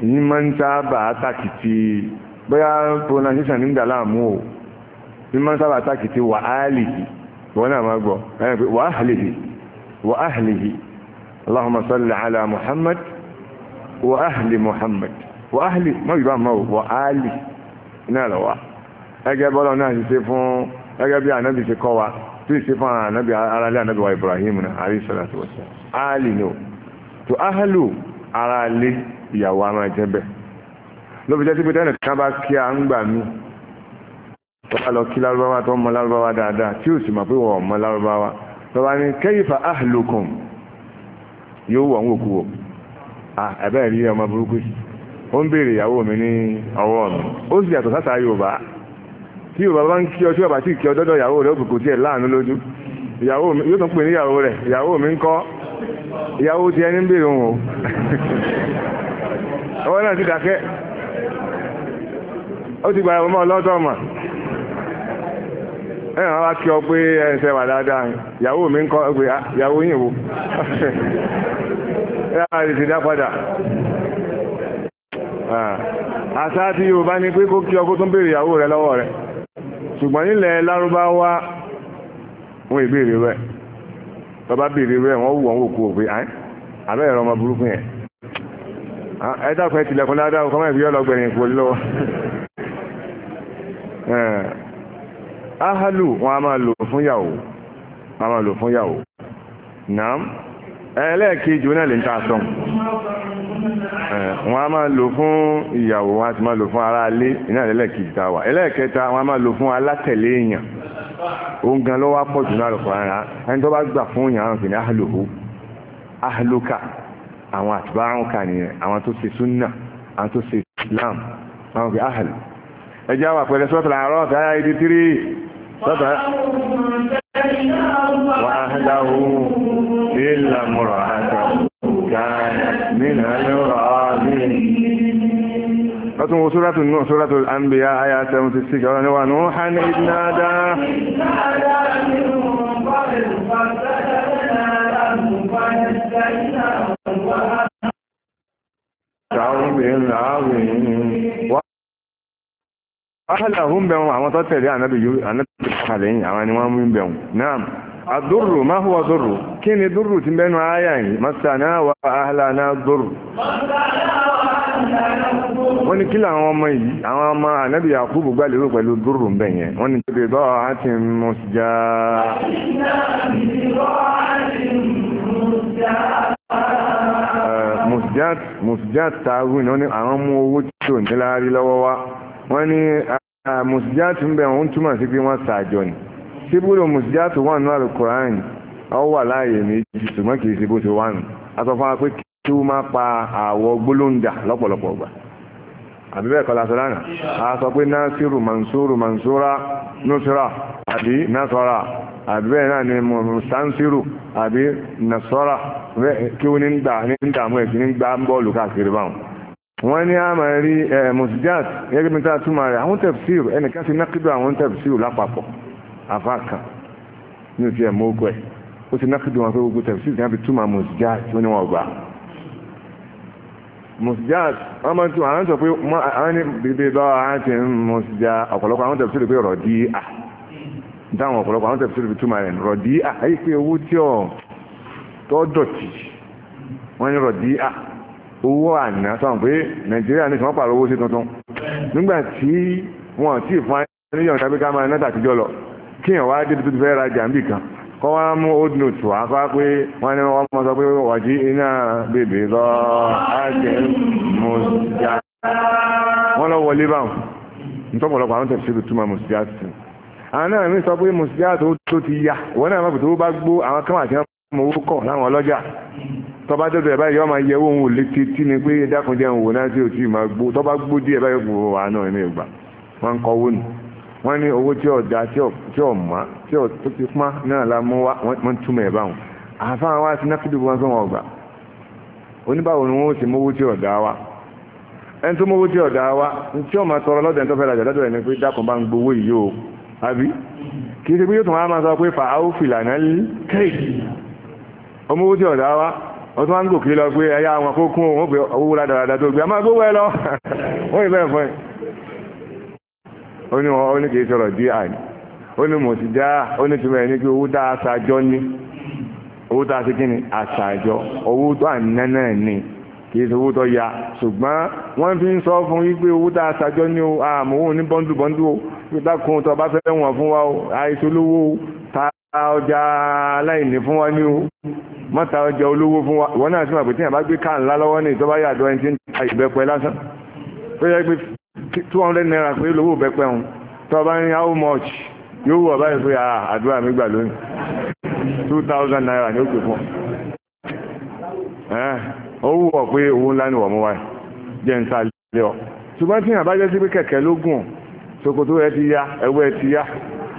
yìí máa ń sábà àtàkìtì bóyá pronunciation nígbà láàmú o yìí máa ń sábà àtàkìtì wà áàlì náà lọ wa ẹgẹ bọlọ náà ti ṣe fún ẹgẹ bí anabi ṣe kọ wa tí ì ṣe fún anabi aráàlú anabi wa Ibrahim náà alayhi salatu wassalam áàlì ni o tó áhàlù aráàlú ìyàwó a máa jẹ bẹ lóbi jẹ síbi tẹnì kan bá kí a ń gbà mí tó bá lọ kí lárúbáwá tó ń mọ lárúbáwá dáadáa tí ò sì mọ̀ pé wọ́n mọ lárúbáwá tó bá ní kayfa ahlukum yóò wọ̀ ń wò kú wò ẹ̀bẹ́ rí ọmọ burúkú yìí ó ń béèrè ìyàwó mi ní ọwọ́ mi ó sì yàtọ̀ sátà yorùbá tí yorùbá bá ń kí ọ tí yorùbá sì kí ọ dọ́dọ̀ ìyàwó rẹ̀ òkùnkùn tiẹ̀ láàánú lójú ìyàwó mi yóò tún pè ní ìyàwó rẹ̀ ìyàwó mi ń kọ́ ìyàwó ti ẹni ń béèrè òun o ọwọ́ náà ti ó ti mọ́ ọlọ́dọ̀ wá kí ọ pé dáadáa ìyàwó mi ń kọ́ ìyàwó Ah. àṣà tí Yorùbá ní pé kó kí ọkó tó ń béèrè ìyàwó rẹ lọ́wọ́ rẹ ṣùgbọ́n nílẹ̀ Lárúbáwá wọn ìbéèrè rẹ bàbá béèrè rẹ wọn wù wọn wò kú òpè àyìn àbẹ́ ẹ̀rọ ọmọ burúkú yẹn ah, ẹ dákun ẹ tilẹ̀kùn ládàá ọkọ̀ mẹ́rin yọ lọ́gbẹ̀rin kò lọ́wọ́ eh. ahalu wọn a máa lò fún yàwó a máa lò fún yàwó nàám ẹlẹ́ẹ̀kejì náà lè ń ta sọ wọ́n a máa lò fún ìyàwó wọ́n a ti máa lò fún ará alé iná ẹlẹ́ẹ̀kejì ta wà ẹlẹ́ẹ̀kẹta wọ́n a máa lò fún alátẹ̀lé èèyàn òun gan lọ́wọ́ pọ̀ jù náà lọ́kọ̀ ara ẹni tó bá gbà fún èèyàn àwọn kìnìún ahlohu ahloka àwọn àtibáhùnká nìyẹn àwọn tó ṣe súnà àwọn tó ṣe islam àwọn kìnìún ahlo ẹjẹ́ àwọn àpẹẹrẹ sọ́tàlá àárọ̀ tààrà إلا امرأة كانت من الغابرين أتم سورة النوح سورة الأنبياء آيات 76 ونوحا إذ نادى شعوب العظيم وأهلهم بهم عمطت لي عن نبي عن نبي الحلين عن نوام بهم نعم àdúrù máa hùwà dúrù kí ni dúrù ti bẹnu ayà yìí masana wa ahlana dúrù wọ́n ni kí làwọn ọmọ yìí àwọn ọmọ ànábì Yakubu gbà lérò pẹ̀lú dúrù ń bẹ̀ yẹn wọ́n ni tẹ́bẹ̀ bọ́ àti mọ̀síjá mọ̀síjá tààrù ní àwọn mú owó tí ò ní wọ́n ni eh, mọ̀síjá ti ń bẹ̀ wọ́n túmọ̀ sí pé wọ́n sàájọ ni síbúrò mùsíjátù wà nínú alukoran ọ wà láàyè méjì ṣùgbọ́n kì í ṣe bó ṣe wà nù aṣọ fún wa pé kí ó máa pa àwọ̀ gbólóńdà lọ́pọ̀lọpọ̀ gbà àbí bẹ́ẹ̀ kọlá sọ́lánà a sọ pé násírù mansúrù mansúra nùsúra àbí násọ́ra àbí bẹ́ẹ̀ náà ni mùsánsírù àbí nasọ́ra kí ó ní dààmú ẹ̀kí ní gbá bọ́ọ̀lù káàkiri báwọn wọ́n ní àmà rí eh, mùsíjáàtì gẹ́gẹ́ bí tá a túmọ̀ rẹ̀ àwọn tẹ̀fsíìrù ẹnìkan ti nákìdọ̀ àwọn tẹ̀fsíìrù lápapọ̀ Avaka, kan ní òsì ẹ̀ mọ́kọ ẹ̀ ó ti náà kíndùn wọn pé gbogbo tẹ̀sí ìsìn àfi túmọ̀ mùsùjáàt tó ní wọn gbà mùsùjáàt wọn máa ń tún àwọn sọ pé àwọn ní bèbè bá àwọn ti ń mùsùjá ọ̀pọ̀lọpọ̀ àwọn tẹ̀sí rẹ̀ pé rọ̀ dí à dáhùn ọ̀pọ̀lọpọ̀ àwọn tẹ̀sí rẹ̀ pé túmọ̀ rẹ̀ rọ̀ dí à ayé pé owó tí ọ̀ tọ́ dọ̀tí wọ́n ní rọ̀ dí à owó àná sọ̀rọ̀ pé nàìjíríà ní ìsìnkú owó sí tuntun nígbà tí wọn ti fún ayé kíyàn wá dé tó ti fẹ́ rajà ń bì kan kọ́ wá mú old note wá fá pé wọ́n ní wọ́n mọ́ sọ pé wàjí iná bèbè lọ ájẹ́ mọ́síjá wọ́n lọ wọlé báwọn nítọ́pọ̀lọpọ̀ àwọn tẹ̀sílù túmọ̀ mọ́síjá sí àwọn náà mi sọ pé mọ́síjá tó ti ya wọ́n náà mọ́bù tó bá gbó àwọn kan àti ọmọ owó kọ̀ láwọn ọlọ́jà tọba dọ́dọ̀ ẹ̀bá yọ́ máa yẹ owó òun lè ti tí ni pé dákùnjẹ́ òun wò náà tí ò tí ì máa gbó tọba gbó díẹ̀ báyọ̀ gbò wà ẹ̀mí ìgbà wọ́n kọ́ owó wọ́n ní owó tí ọ̀dà tí ọ̀mà tí ọ̀tọ́ ti pọ́n náà la mú wá wọ́n túmọ̀ ẹ̀ báwọn àfáà wá sí náfídù wọn fún ọgbà oníbàwò ni wọ́n ó sì mówó tí ọ̀dà wa ẹni tó mówó tí ọ̀dà wa tí ọ̀mà tọrọ lọ́dẹ̀ tó fẹ́ rajà lọ́dọ̀ ẹni pé dákun bá ń gbowó yìí o àbí kì í ṣe pé yóò tún wá máa sọ pé fà áwò fìlà náà lé kéèkì ọmọwó tí ọ̀dà wa ó tún wá ń gòkè lọ pé ẹyà àwọn akókún òun ó gbé owó ládàradà ó ní wọn ó ní kì í sọ̀rọ̀ di àní ó ní mò ti dá ó ní túmọ̀ ẹ̀ kí owó tá a ní owó tá a ṣe kí ni àṣàjọ owó tó àná náà ni kì í ṣe owó tó ya ṣùgbọ́n wọ́n fi ń sọ fún yí pé owó tá a ṣàjọ ní o àmọ́ ní bọ́ńdù bọ́ńdù o dákun tó bá fẹ́ wọ̀n fún wa o àìṣolówó ta ọjà aláìní fún wa ní o mọ́ta ọjà olówó fún wa ìwọ náà sì mọ̀ pé tí two hundred naira pé lówó bẹ́pẹ́ òun tó bá ní how much yóò wọ̀ báyìí pé ah, àdúrà mi gbà lónìí two thousand naira ni ó pè fún ọ wọ̀ pé owó ńlá ni wọ̀ mú wáyé jẹ́ ń ta lé ọ ṣùgbọ́n tí àbájẹ́ sí pé kẹ̀kẹ́ ló gùn ṣòkòtò ẹ ti ya ẹwọ́ ẹ ti ya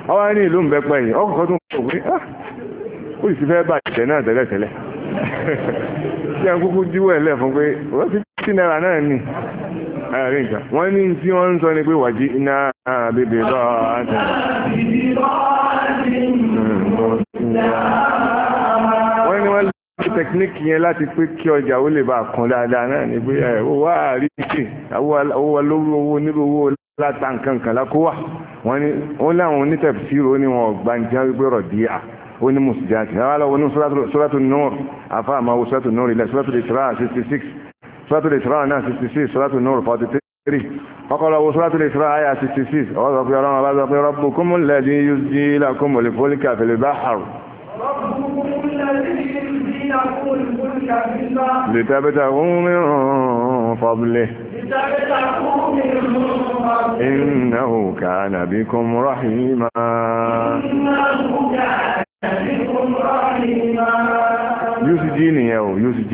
ọwọ́ ní ìlú ìbẹ́pẹ́ yìí ọkọ̀ tó ń pọ̀ pé ah, ó sì fẹ́ bá ìtẹ̀ náà tẹ́lẹ̀tẹ́lẹ̀ tí a kúkú díwọ̀ ẹ̀lẹ́ fún pé ó ti ẹ̀rí nǹkan wọ́n ní tí wọ́n ń sọ ni pé wàjí iná bèbè lọ àtẹ̀ wọ́n ní wọ́n lè tẹkíníkì yẹn láti pé kí ọjà ó lè bá kan dáadáa náà ni pé ẹ̀ ó wá rí ṣe owó lórí owó nílò owó láta nǹkan kan lákó wà wọ́n láwọn onítẹ̀fìsírò ní wọn ọ̀gbá ń jẹ́ wípé rọ̀ díà ó ní mùsùlùmí àti àwọn alọ́wọ́ ní sọ́ràtún nọ́ọ̀rù suratul Isra náà 66 suratul Nur 43 ọkọ̀lọ́wọ́ suratul Isra àyà 66 ọwọ́ sọ pé ọlọ́run bá sọ pé rabbukumul ladhi yusji lakumul fulka fil bahri لتبتغوا من فضله إنه كان بكم رحيما UCG nìyẹn o UCG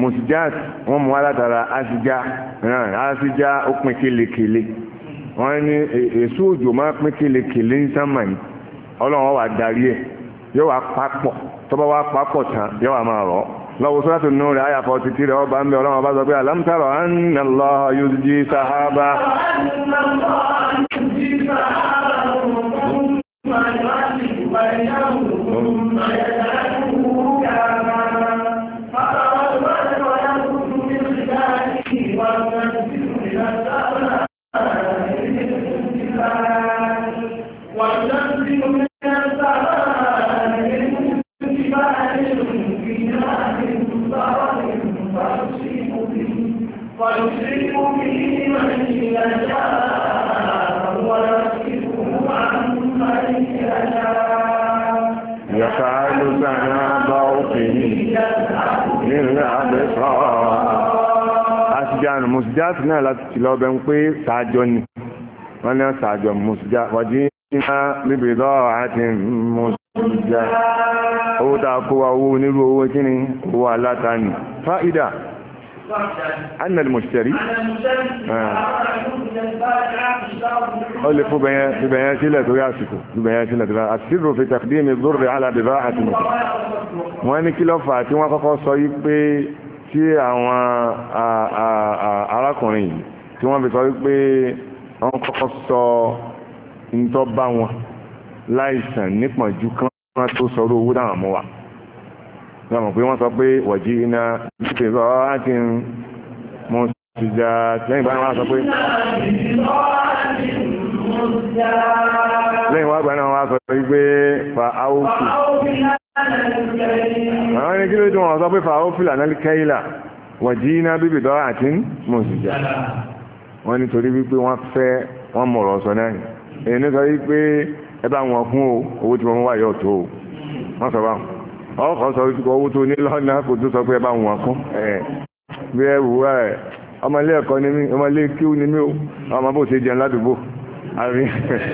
mọ̀síjá wọ́n mú alátara asíjá asíjá ó pín kélekèle wọ́n ní èso òjò máa pín kélekèle ń sánmà ní ọlọ́run wà darí ẹ̀ yóò wá papọ̀ tọ́bá wá papọ̀ tán yóò wá máa rọ̀ lọ́wọ́ sọ́tù nù rẹ̀ àyà fọ́ títí rẹ̀ ọba ń bẹ ọlọ́run ọba sọ pé alámtàrọ̀ annalọ́ yóòjì sàhábà Thank you. musujat náà láti ti lọ́bẹ̀ ń pé sáájọ́ ni wọ́n ní sáájọ́ musujat wàjí iná bíbí lọ́wọ́ àti musujat owó tàà kó wa owó onírú owó kíni owó alátani fa'ida أن المشتري قال لي ببيانات لا تراسكو ببيانات لا تراسكو السر في تقديم الضر على بضاعة المشتري وأنا كيلو فاتي وأنا فقط صيب tí àwọn arákùnrin yìí tí wọ́n fi sọ wípé wọ́n kọ́kọ́ sọ ntọ́ wọn láìsàn nípọ̀njú kan wọ́n tó sọ̀rọ̀ owó dáhùn mọ́ wa wọ́n mọ̀ pé wọ́n sọ pé wọ̀jí iná ṣe sọ láti mú ṣìjà lẹ́yìn bá wọn sọ pé lẹ́yìn wọ́n gbà náà wọ́n sọ wípé fa áwùkù àwọn ẹni kí ló dùn ọ̀sọ́ pé fàáwó fìlànà kẹ́ìlà wàjíná bíbì dọ́rà àti mọ̀síjà wọ́n ní torí wípé wọ́n fẹ́ wọ́n mọ̀rọ̀ ọ̀sọ̀ náà èyí ní sọ wípé ẹ bá wọn fún o owó tí wọ́n wà yọ̀ tó o wọ́n sọ báwọn ọkọ̀ sọ wípé owó tó ní lọ́nà kò tó sọ pé ẹ wọn fún bí ẹ wù ẹ ọmọ ilé ẹ̀kọ́ mí ọmọ ilé kíw mí ọmọ bó ṣe jẹun ládùúgbò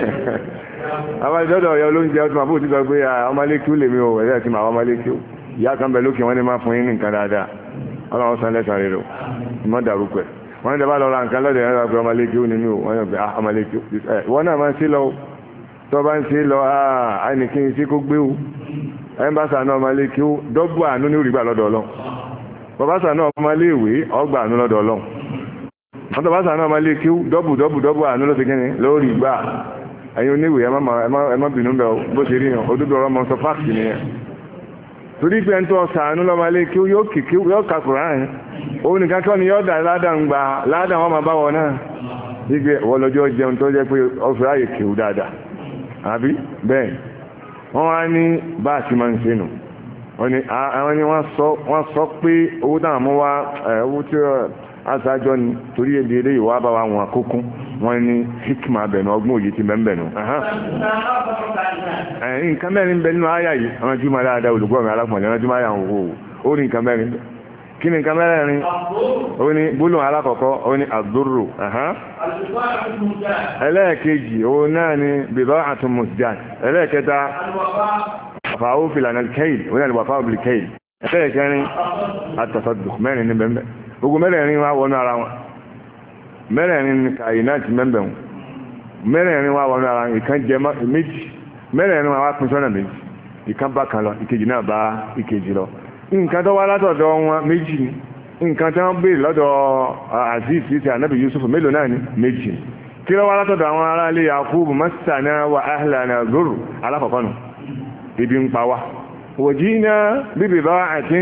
àwọn ìjọ́dọ̀ ọ̀yọ́ olóúnjẹ ọtún àbúrò títọ́ pé ọmọlékú lèmi ò ẹ̀rẹ́ ti mà ọmọlékú ìyá kan bẹ lókè wọ́n ní máa fún yín nǹkan dáadáa ọlọ́run san lẹ́sàn rẹ̀ rò mọ́ dàrúkọ ẹ̀ wọ́n ní dábàá lọ́ra nǹkan lọ́dẹ̀ ẹ̀rọ ò wọ́n yàn pé wọ́n náà máa ń sí lọ tó bá lọ àìníkí ah, sí kó gbé o náà ẹ̀yin oníwèé ẹ má bínú bẹ́ẹ̀ bó ṣe rí yàn òdodo ọ̀rọ̀ mọ̀ sọ fáàkì nìyẹn torí pé ẹni tó ọ̀sàánú lọ́mọlé kí yóò kìkì yóò ka ni yóò dà ládàá gba ládàá ọ máa bá náà yígbé jẹun tó jẹ́ pé owó owó tí ni wa wọ́n ní hikima bẹ̀nu ọgbọ́n òye ti bẹ́ẹ̀ bẹ̀nu. nǹkan mẹ́rin bẹ nínú àyà yìí àwọn tí máa dáadáa olùgbọ́ mi alákùnrin àwọn tí máa yà wò ó ní nǹkan mẹ́rin kí ni nǹkan mẹ́rin ó ní gbólóhùn alákọ̀ọ́kọ́ ó ní àdúrò ẹlẹ́ẹ̀kejì ó náà ní bìbá àtúmùsíjà ẹlẹ́ẹ̀kẹta fàáwó fìlànà kéèlì ó náà ní wàfáà bìlì kéèlì ẹlẹ́ẹ̀kẹrin àtàfàdùn mẹ́rẹ̀ẹ̀rin ni kàyínáàtì mẹ́mbẹ̀ wọn mẹ́rẹ̀ẹ̀rin wà wọnú ara ìkan jẹ méjì mẹ́rẹ̀ẹ̀rin wà pín sọ́nà méjì ìkan bá kan lọ ìkejì náà bá ìkejì lọ nǹkan tó wá látọ̀dọ̀ wọn méjì ni nǹkan tó béèrè lọ́dọ̀ ah, aziz ti anabi yusuf mélòó náà ni méjì ni kí ló wá masana wa ahlana zoro alakọkọ nù ibi ń pa bíbí bá àti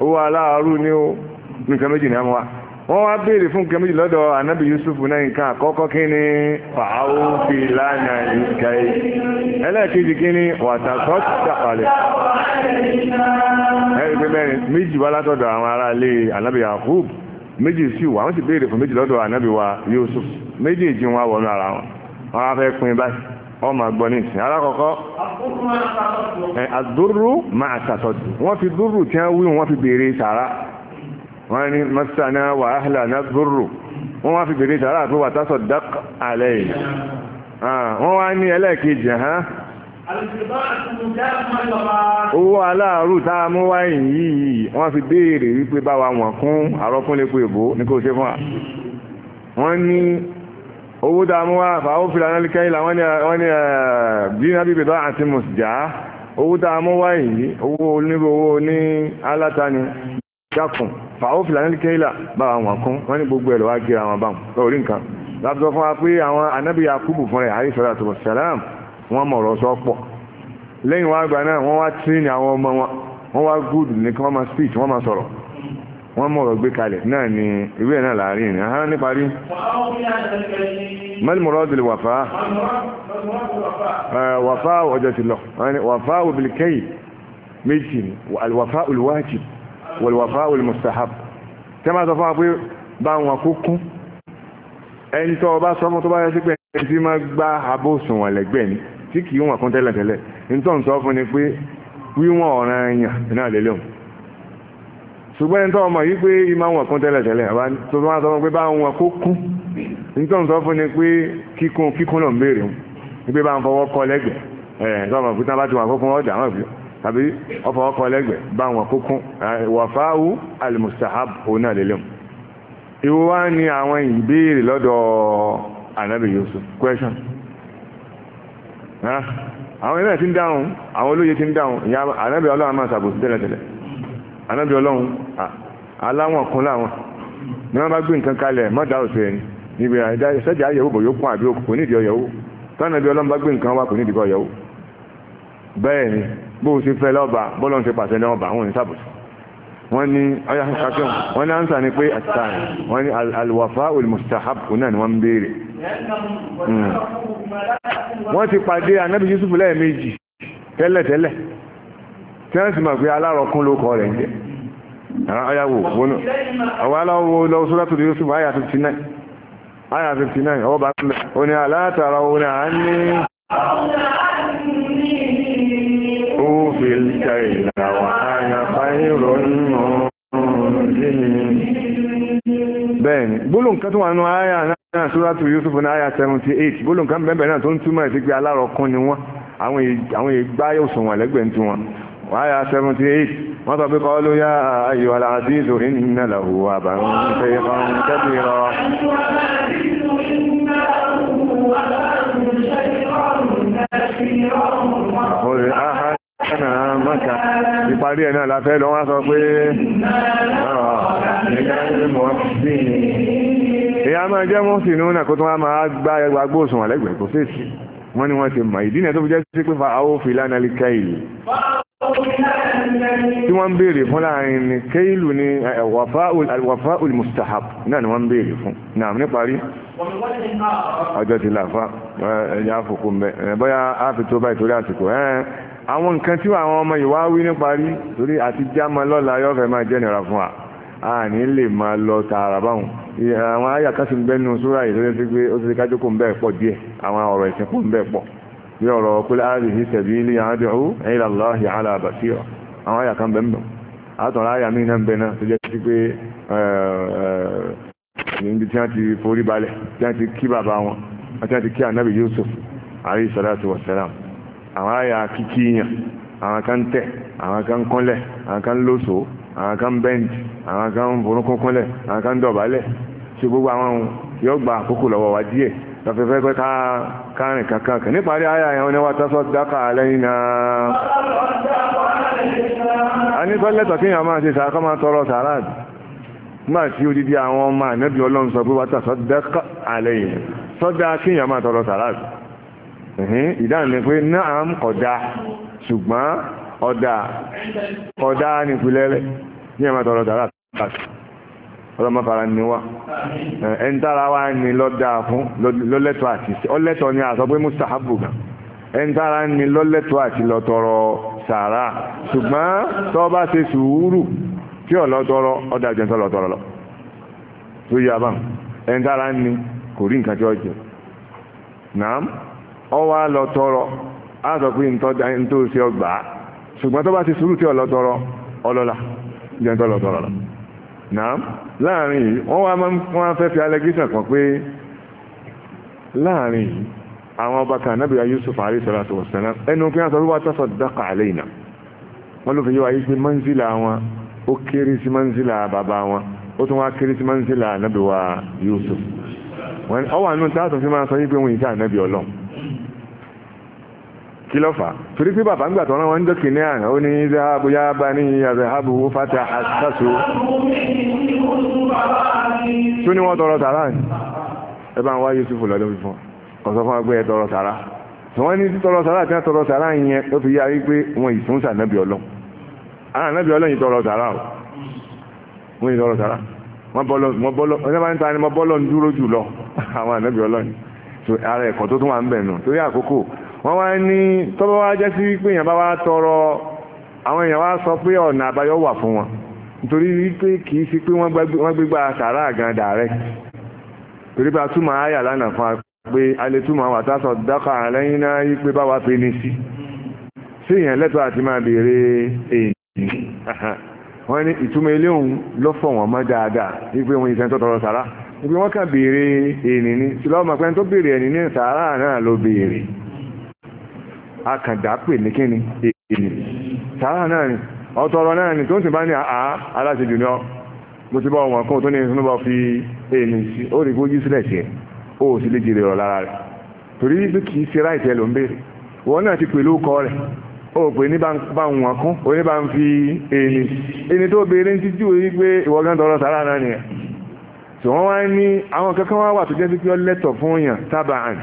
owó aláàárù ní ó nǹkan méjì náà wá wọ́n wá béèrè fún nǹkan méjì lọ́dọ̀ anábì Yusuf náà nǹkan àkọ́kọ́ kí ni fàáwó fi lánà ìkà ẹlẹ́ẹ̀kejì kí ni wàtàkọ́ tàpàlẹ̀ ẹ̀rí pé méjì wá látọ̀dọ̀ àwọn ará ilé anábì méjì wà wọ́n sì béèrè fún méjì lọ́dọ̀ anábì wa Yusuf méjì ìjì wọn wọnú ara wọn á ọmọ àgbọ̀ ní ìsìn alákọ̀ọ́kọ́ àdúrú máa tàtọ̀dù wọ́n fi dúrù tí wọ́n wí wọ́n fi bèèrè sàárà wọ́n ní masana wà áhìlà náà dúrù wọ́n wá fi bèèrè sàárà pé wà tásọ̀ dák alẹ́ yìí wọ́n wá ní ẹlẹ́ẹ̀kejì hàn owó aláàrù tá a mú owó dámúwá fàáwó fìlànà líkẹ́yìnlá wọ́n ni bíná bíbẹ̀ bá àti mùsùjá owó dámúwá yìí owó onígbò owó ní alátani jákùn fàáwó fìlànà líkẹ́yìnlá bá àwọn kún wọ́n ni gbogbo ẹ̀lọ́wà gíra àwọn bá lórí nǹkan lábùsọ fún wa pé àwọn anábì Yakubu fún rẹ̀ àyè sọ́dà tòbọ̀ sàlám wọ́n mọ̀rọ̀ sọ pọ̀ lẹ́yìn wá gbà náà wọ́n wá tírín àwọn ọmọ wọn wọ́n wá gúdù ní wọ́n máa speech wọ́n máa sọ̀rọ̀ wọ́n mọ̀rọ̀ gbé kalẹ̀ náà ni ìwé náà láàrin ìrìn àhárá níparí mẹ́lìmọ̀rọ̀ dìlẹ̀ wàfá wàfá ọjọ́ ti lọ wàfá òbìlìkẹ́yì méjì ni alwàfá olùwájì wàlwàfá olùmùsàhàb tẹ́ máa sọ fún wa pé bá wọn kó kún ẹni tó ọba sọmọ tó bá yẹ sí pé ẹni tí máa gbá abóòsùn wọn lẹ́gbẹ̀ẹ́ ni ṣùgbọ́n ẹni tó ọmọ yìí pé ìmọ̀ àwọn kan tẹ́lẹ̀ tẹ́lẹ̀ àbá tó máa sọ pé bá wọn kó kú nítorí sọ fún ni pé kíkún kíkún náà ń béèrè wọn ni pé bá ń fọwọ́ kọ lẹ́gbẹ̀ẹ́ ẹ̀ tọ́mọ̀ fún tábà tí wà kókún ọ̀dà wọn bí tàbí ọfọ ọkọ lẹ́gbẹ̀ẹ́ bá wọn kókún wàfáwù almustahab òun náà lélẹ̀ ìwọ wá ní àwọn ìbéèrè lọ́dọ̀ anabi Yusuf question àwọn ilé ti ń dáhùn àwọn olóye ti ń dáhùn ìyá anabi ọlọ́run máa ṣàbòsí tẹ́lẹ̀tẹ́lẹ̀ anábì ọlọ́run aláwọ̀n kún láwọn ni wọ́n bá gbé nǹkan kalẹ̀ mọ́dà òsè ẹni níbi ìṣẹ́jà àyẹ̀wò bò yóò kún àbí òkú kò nídìí ọ̀yẹ̀wò tọ́nàbí ọlọ́run bá gbé nǹkan wá kò nídìí ọ̀yẹ̀wò bẹ́ẹ̀ ni bó o ṣe fẹ́ lọ́ba bọ́lọ́n ṣe pàṣẹ lọ́ba àwọn oníṣàbòsí wọ́n ní ọyá kàkẹ́ wọ́n ní ánsà ni pé àtàn wọ́n ní alwafa olùmùsítàhàb náà ni wọ́n ń béèrè hmm. wọ́n ti pàdé anábì Yusuf lẹ́ẹ̀mejì tẹ́lẹ̀tẹ́lẹ̀ tí wọ́n sì mọ̀ pé alárọ̀kún ló kọ rẹ̀ jẹ́ ọyáwó wọnú ọwọ́ aláwọ̀ lọ sọ́dọ̀ tó di Yusuf àyà 59 àyà 59 ọwọ́ bá tún bẹ̀ ó ní alátara ó ní à ń ní òfin ìlà wà áyà fáyín rọ̀ nínú bẹ́ẹ̀ni Yusuf ní àyà 78 gbólóǹkan bẹ́ẹ̀ náà tó ń túmọ̀ sí pé ni wọ́n àwọn ìgbáyọ̀sùn wà lẹ́gbẹ̀ẹ́ tí wọ́n وآية 78 وطب قالوا يا أيها العزيز إن له أبا شيخا كبيرا قل أحد أنا مكة ìparí ẹ̀nà àlàfẹ́ lọ wá sọ pé èyí a ah, máa jẹ́ mọ́sí ní ọ̀nà kó tún wá máa gbá ẹgbàgbóòsùn àlẹ́gbẹ̀ẹ́ kò fèsì wọ́n ni wọ́n ti mọ̀ ìdí náà tó fi jẹ́ sí pé fàáwó fi lánàá lè káìlì tí wọ́n ń béèrè fún láàrin ni kéìlù ni wàfá olùmùsítàhàb náà ni wọ́n ń béèrè fún náà ní parí ọjọ́ ti làfá ẹ̀yà àfòkù mbẹ bóyá àfi tó báyìí torí àsìkò ẹ̀ àwọn nǹkan tí àwọn ọmọ ìwá wí ní parí torí àti jámọ́ lọ́la yọ́fẹ́ máa jẹ́ nira fún wa a ní lè máa lọ tààrà báwọn àwọn àyà kan sì ń bẹ́nu súra yìí lórí pé ó ti di kájókò ń bẹ́ẹ̀ pọ̀ díẹ̀ àwọn ọ̀rọ̀ ìsìn kò ń bẹ́ẹ̀ pọ̀ bí ọ̀rọ̀ kúlẹ̀ ààrẹ yìí tẹ̀bí ilé àádọ́rú ẹ̀yìn aláhi àwọn kan bẹ́ẹ̀ mọ̀ àtọ̀rọ̀ àyà míì náà ń bẹ náà tó jẹ́ ti ti àwọn kan bẹ́ǹtì àwọn kan ń forúkún kúnlẹ̀ àwọn kan ń dọ̀bálẹ̀ ṣe gbogbo àwọn yóò gba àkókò lọ́wọ́ wa díẹ̀ lọ́fẹ́fẹ́ pé káàrin kankan kan níparí ayà yẹn ni wọ́n tọ́sọ́ dákà lẹ́yìn náà a ní tọ́lẹ̀ tọ́kíyàn máa ṣe sàkọ́ máa tọrọ sàrád nígbà tí ó dídí àwọn ọmọ ànẹ́bí ọlọ́run sọ pé wọ́n tọ́sọ́ dákà lẹ́yìn sọ́dá kíyàn máa tọrọ sàrád ìdáhùn ni pé náà kódà ṣùgbọ́n ọ̀dà kódà nípìnlẹ̀ rẹ̀ ní ẹ̀mọ́ tọrọ dára tàbí ọlọ́mọ fara ni wá ẹni tára wá ní lọ́dà fún lọ́lẹ́tọ̀ àti ọlẹ́tọ̀ ni àsọ pé mustahabu gan ẹni tára ní lọ́lẹ́tọ̀ àti lọ́tọrọ sàrà ṣùgbọ́n tó bá ṣe sùúrù tí ọlọ́tọrọ ọdà jẹ́ tọ́lọ́tọrọ lọ tó yá bá ẹni tára ní kò rí nǹkan tí ó jẹ nàám ọwọ́ àlọ́tọrọ á sọ pé ntọ́ ṣe ọgbà ṣùgbọ́n tó bá ṣe sùúrù tí ọlọ́tọrọ ọlọ́la jẹ́ntọ́ lọ sọ̀rọ̀ lọ. Mm. náà láàrin yìí wọ́n wá máa ń fún wa fẹ́ fi allegation kan pé láàrin yìí àwọn ọba kan nábìyà Yusuf alayhi salatu wa salam ẹnu kí wọ́n sọ wípé tasaddaqa alayna wọ́n ló fi yé wa yí pé manzila wọn ó kéré manzila bàbá wọn ó tún wá kéré manzila nábìwá Yusuf wọ́n ọwọ́ àánú táàtọ̀ fi máa sọ yí pé wọ́n yìí ká nábì ọlọ́run Kilofa, kí ló fà torí pé bàbá ń gbà tọ́rọ wọn ń dọ́kì ní àná ó ní ìzáàbù yá bá ní àzẹ̀hábù ó fàtà àtàṣù tó ní wọ́n tọrọ tààrà ní ẹbá ń wá Yusuf lọ́dọ́ fífọ́ ọ̀sọ́ fún agbé tọrọ tààrà tí wọ́n ní tọrọ tààrà tí wọ́n tọrọ tààrà yẹn ló fi yá rí pé wọn ìsúnsà nábì ọlọ́n ara nábì ọlọ́n yìí tọrọ tààrà o wọ́n yìí tọrọ tààrà wọ́n bọ́lọ́ ń dúró jù lọ àwọn ànábì ọlọ́n ara ẹ̀kọ́ tó tún wà ń bẹ̀ nù torí àkókò wọ́n wá ní tọ́bọ́ wá jẹ́ sí tọrọ àwọn èèyàn sọ pé ọ̀nà àbáyọ wà fún wọn nítorí wípé kì sí pé wọ́n gbégbá sàárà gan dàrẹ́ torí bá túmọ̀ àyà lánàá fún pé a lè túmọ̀ àwọn àtàsọ̀ náà yí pé bá pe ní sí sí èèyàn lẹ́tọ̀ọ́ àti máa wọ́n ní ìtumọ̀ ilé òun ló fọ̀ wọ́n mọ́ dáadáa wípé a pè ní kíni èyí sàárà náà ni ọ̀tọ̀ọ̀rọ̀ náà ni tó ń sì bá ní àá aláṣejù ni ọ mo ti bá ọmọ kan fi èyí sí ó rí gbójú sílẹ̀ tiẹ̀ ó sì lè jèrè ọ̀rọ̀ lára rẹ̀ torí bí kì í ṣe ráìtẹ́ ló ń béèrè wọn náà ti pè lóko rẹ̀ ó pè ní bá ń wọn kún ó ní bá ń fi èyí ẹni tó béèrè ń tijú orí pé ìwọ náà nìyẹn tí wá ní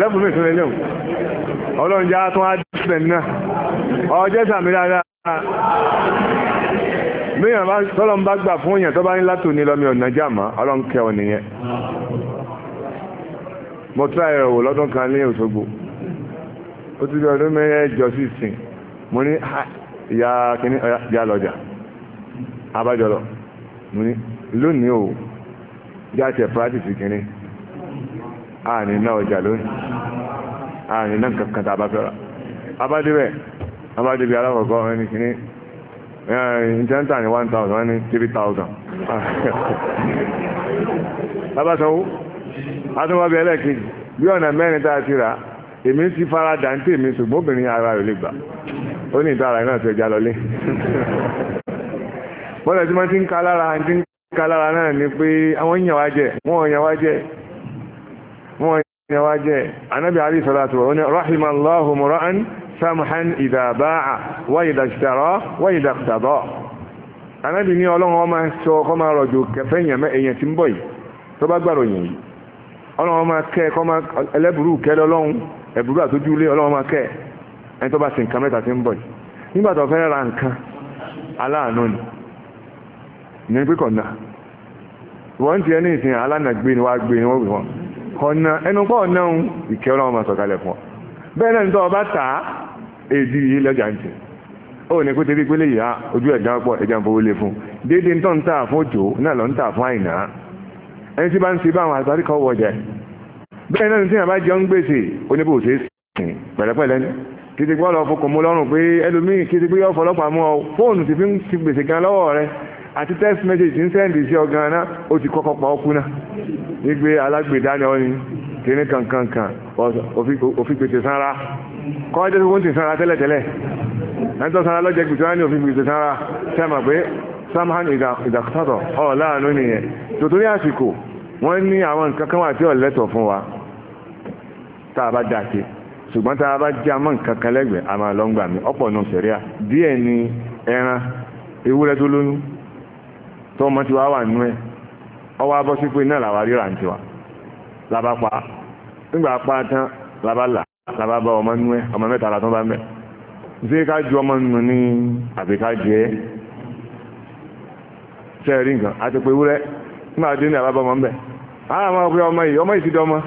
lẹ́bùn mi ìtúnlẹ̀ lẹ́hùn ọlọ́run jẹ́ àtún àdìsẹ̀ náà ọjọ́ sàmì dáadáa míyàn bá tọ́lọ́n bá gbà fún èèyàn tó bá ní látò ní lọ́mí ọ̀nà jàmá ọlọ́run kẹ́ ọ nìyẹn mo tún àyẹ̀wò wò lọ́dún kan ní Òṣogbo ó ti di ọdún mẹ́rẹ́jọ sí ìsìn mo ní ìyá kìíní ìyá lọ́jà abájọ lọ mo ní lónìí o jáde practice kìíní àní náà ọjà lónìí àní náà kankan tá a bá fẹ́ ra abádébẹ̀ abádébẹ̀ alákọ̀ọ́kọ́ ẹni kìíní ìjẹ́ntà ní 1000 wọ́n ní 3000 lábásanwó atúnwábí ẹlẹ́kejì bí ọ̀nà mẹ́rin tá a ti rà èmi ti fara dà ń tèmi ṣùgbọ́n obìnrin ara rẹ̀ lè gbà ó ní ìtara náà tó ẹja lọlé bọ́lá tí wọ́n ti ń ka lára ti ń ka lára náà ni pé àwọn èèyàn wá wọ́n èèyàn wá níwájẹ́ anábì àrí sọ́látù wọn rahimallahu mura'an samhan ìdàbáà wà ìdàṣìdàrọ́ wà ìdàkùtàbọ́ anábì ní ọlọ́run ọmọ sọ ọkọ́ máa rọ̀jò kẹfẹ́ èèyàn tí ń bọ̀ yìí tó bá gbàrò yìn yìí ọlọ́run ọmọ kẹ́ ẹ̀kọ́ máa ẹlẹ́bùrú kẹ́ lọ́lọ́run ẹ̀bùrú àtójú ilé ọlọ́run ọmọ kẹ́ ẹni tó bá sì nǹkan mẹ́ta tí ń bọ̀ yìí nígbà tó kọ́nà ẹnu pọ̀ náà ìkẹ́ ọlọ́run máa sọ̀kalẹ̀ fún ọ bẹ́ẹ̀ náà nítorí ọba tà á èdè yìí lọ́jà ń tì ó ní pété bí pélé yìí á ojú ẹ̀dá pọ̀ ẹ̀dá ń fowó lé fún déédéé ń tọ́ ń tà fún òjò náà lọ́ ń tà fún àyìnà ẹni tí bá ń ṣe báwọn àtàrí kọ́ wọ jẹ bẹ́ẹ̀ náà ní tí yàrá bá jẹ́ ń gbèsè oníbòsè sìn pẹ̀lẹ́pẹ̀lẹ́ ní kìtìpọ́ lọ fokùn mú lọ́rùn pé ẹlòmíì kìtìpọ́ yọ fọlọ́pàá mú ọ fóònù ti fi ń gbèsè gan lọ́wọ́ rẹ̀ àti text message ń sẹ́ndì sí ọgán náà ó ti kọ́kọ́ pa ọkú náà nígbé alágbèdá ni wọ́n ní kíní kankankan òfin pèsè sanra kọ́ jẹ́ fún ti sanra tẹ́lẹ̀tẹ́lẹ̀ ẹ̀ńtọ́ sanra lọ́jẹ́ pèsè wọn ní òfin pèsè sanra sẹ́mà pé samhan ìdàkùtàtọ̀ ọ̀ láàánú nìyẹn tòtòrí àsìkò wọ́n ní àwọn nǹkan kan wà tí ọ̀ lẹ́tọ̀ fún wa tá a bá dà sí ṣùgbọ́n tá a bá jẹ́ àmọ́ nǹkan kan lẹ́gbẹ̀ẹ́ àmọ́ àlọ́ngbà mi ọ̀pọ̀ nù sẹ̀ríà díẹ̀ ni ẹran ewúrẹ́ tó lóyún tó ọmọ tí wá wà nínú ẹ ọwọ́ abọ́ náà làwárí rà ń làbá pa nígbà pa tán làbá là làbá bá ọmọ nínú ẹ ọmọ mẹ́ta la bá mẹ́ ṣé ká ju ọmọ nínú ní àbí ká jẹ ẹ́ ṣe rí nǹkan àti pé nígbà ní àbá bá ọmọ ọmọ yìí ọmọ yìí ti dọmọ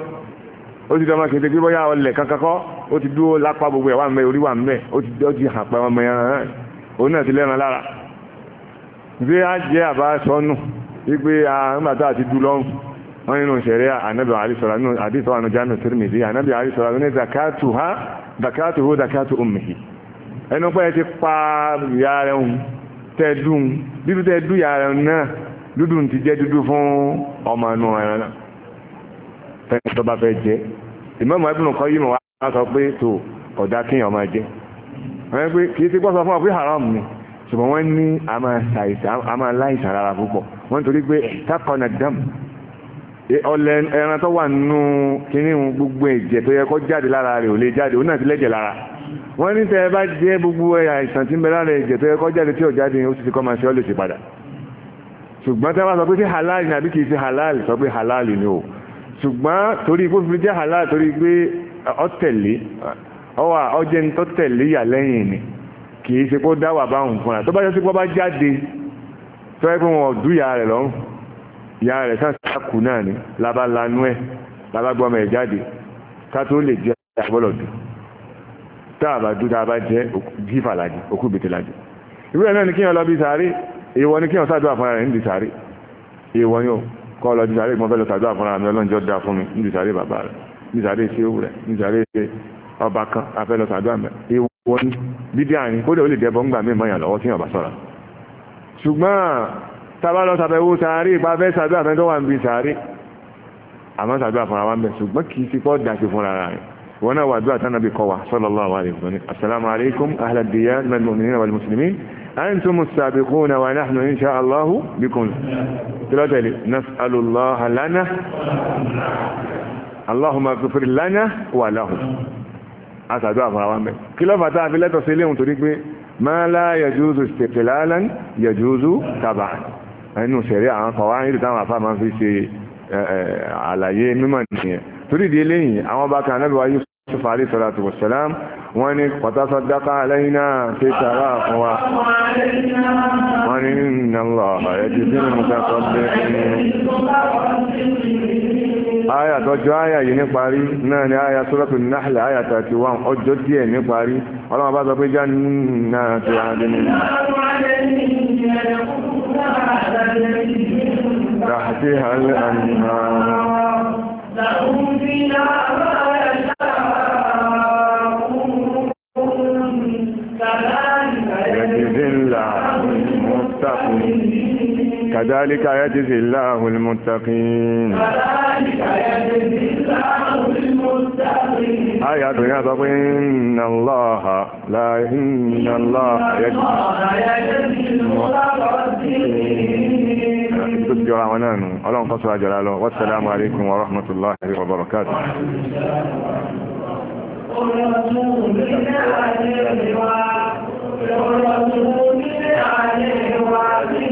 ó ti kété ọlẹ̀ kankan kọ́ ó ti dúró lápá gbogbo ẹ̀ wà orí wà ó ti hàn ọmọ yẹn bí a jẹ́ àbá sọnù wípé àgbàtà àti dúlọ́rùn wọ́n nínú ìṣẹ̀rẹ́ ànábì àríṣọ́ra nínú àdíṣọ́ àwọn jamiu Tirmidhi ànábì àríṣọ́ra ní zakatu ha zakatu ho zakatu ummihi ẹnu pẹ́ ti pa ìyá rẹ̀ hùn tẹ́dùn dúdú tẹ́dù ìyá rẹ̀ náà dúdú ti jẹ́ dúdú fún ọmọ Imam Ibn Qayyim wá sọ pé tó ọ̀dá kíyàn máa jẹ́ wọ́n pé ṣùgbọ́n wọ́n ní a máa láìsàn rárá púpọ̀ wọ́n torí pé tákọ̀nà dam ọlẹ ẹran tó wà nù kínní gbogbo ẹ̀jẹ̀ tó yẹ kó jáde lára rẹ̀ ò lè jáde ó náà ti lẹ́jẹ̀ lára wọ́n ní tẹ́ ẹ bá jẹ́ gbogbo ẹ̀yà ìsàn tí ń bẹ lára ẹ̀jẹ̀ tó yẹ kó jáde tí ò jáde ó sì ti kọ́ máa ṣe ọ́ lè ṣe padà ṣùgbọ́n tẹ́ wá sọ pé sí halal ni àbí kìí sí halal sọ pé halal ni o ṣùgbọ́n torí ikú fi jẹ́ halal torí pé ó tẹ̀lé ó wà ó jẹ́ ní tó tẹ̀lé yà lẹ́yìn ni kìí ṣe kó dáwà bá òun fúnra tó bá yẹ sí pọ́ bá jáde tó yẹ pé wọn ọ̀dú ìyá rẹ̀ lọ́rùn ìyá rẹ̀ sáà kù náà ni lába lanú ẹ̀ lába gbọ́mọ ẹ̀ jáde ká tó lè jẹ́ àbọ̀lọ̀ dùn tá a bá dùn tá a bá jẹ́ jífà lájú òkú bètè lájú ìwé náà ni kíyàn lọ bí sàárè èèwọ̀ ni kíyàn sàdúrà fúnra rẹ̀ níbi sàárè èèwọ̀ ni ó kọ́ lọ bí sàárè mo fẹ́ lọ sàdúrà fúnra mi ọlọ́njọ́ dá fún mi níbi sàárè bàbá rẹ̀ níbi sàárè ṣéwù rẹ̀ níbi sàárè ọba kan afẹ́ lọ sàdúrà mẹ́ èèwọ̀ wọ́n bídí àní kódà ó lè dẹ́bọ̀ ń gbà mí mọ́yàn lọ́wọ́ tí yàn bá sọ̀rọ̀ ṣùgbọ́n tabalọ tàbẹ̀wò sàárì ipa fẹ́ sàdúrà fẹ́ tó wà ń bi sàárì àmọ́ sàdúrà fúnra wa ń bẹ̀ ṣùgbọ́n kì í ti allahumma ighfir lana wa lahum asàdúrà fún àwọn mẹ́ kí lọ́fà tá a fi lẹ́tọ̀ sí léhùn torí pé máa lá yẹjúzù stẹ̀kẹ̀láàlán yẹjúzù tàbà ẹnu sẹ̀rí àwọn kọ̀wá ń rí táwọn afá máa fi ṣe àlàyé mímọ̀ nìyẹn torí ìdí eléyìí àwọn bá kan anábìwá Yusuf alayhi salatu wa salam wọ́n ní pàtàkì dáká lẹ́yìn náà ṣe tààrà fún wa wọ́n ní nínú lọ́ọ̀ ẹ̀jẹ̀ sínú mọ́tàkọ́ bẹ́ẹ̀ Aya tọ́jọ́ aya yìí ní parí náà ni aya Suratul Nahl aya 31 ọjọ́ díẹ̀ ní parí. Ọlọ́run bá sọ pé já náà tó adé ní. Tàhátí كذلك يجزي الله المتقين كذلك يجزي الله المتقين آيات غضب إن الله لا إن الله يجزي المتقين تسجر ونانو جلاله والسلام عليكم ورحمة الله وبركاته ورسولنا عليه وعليه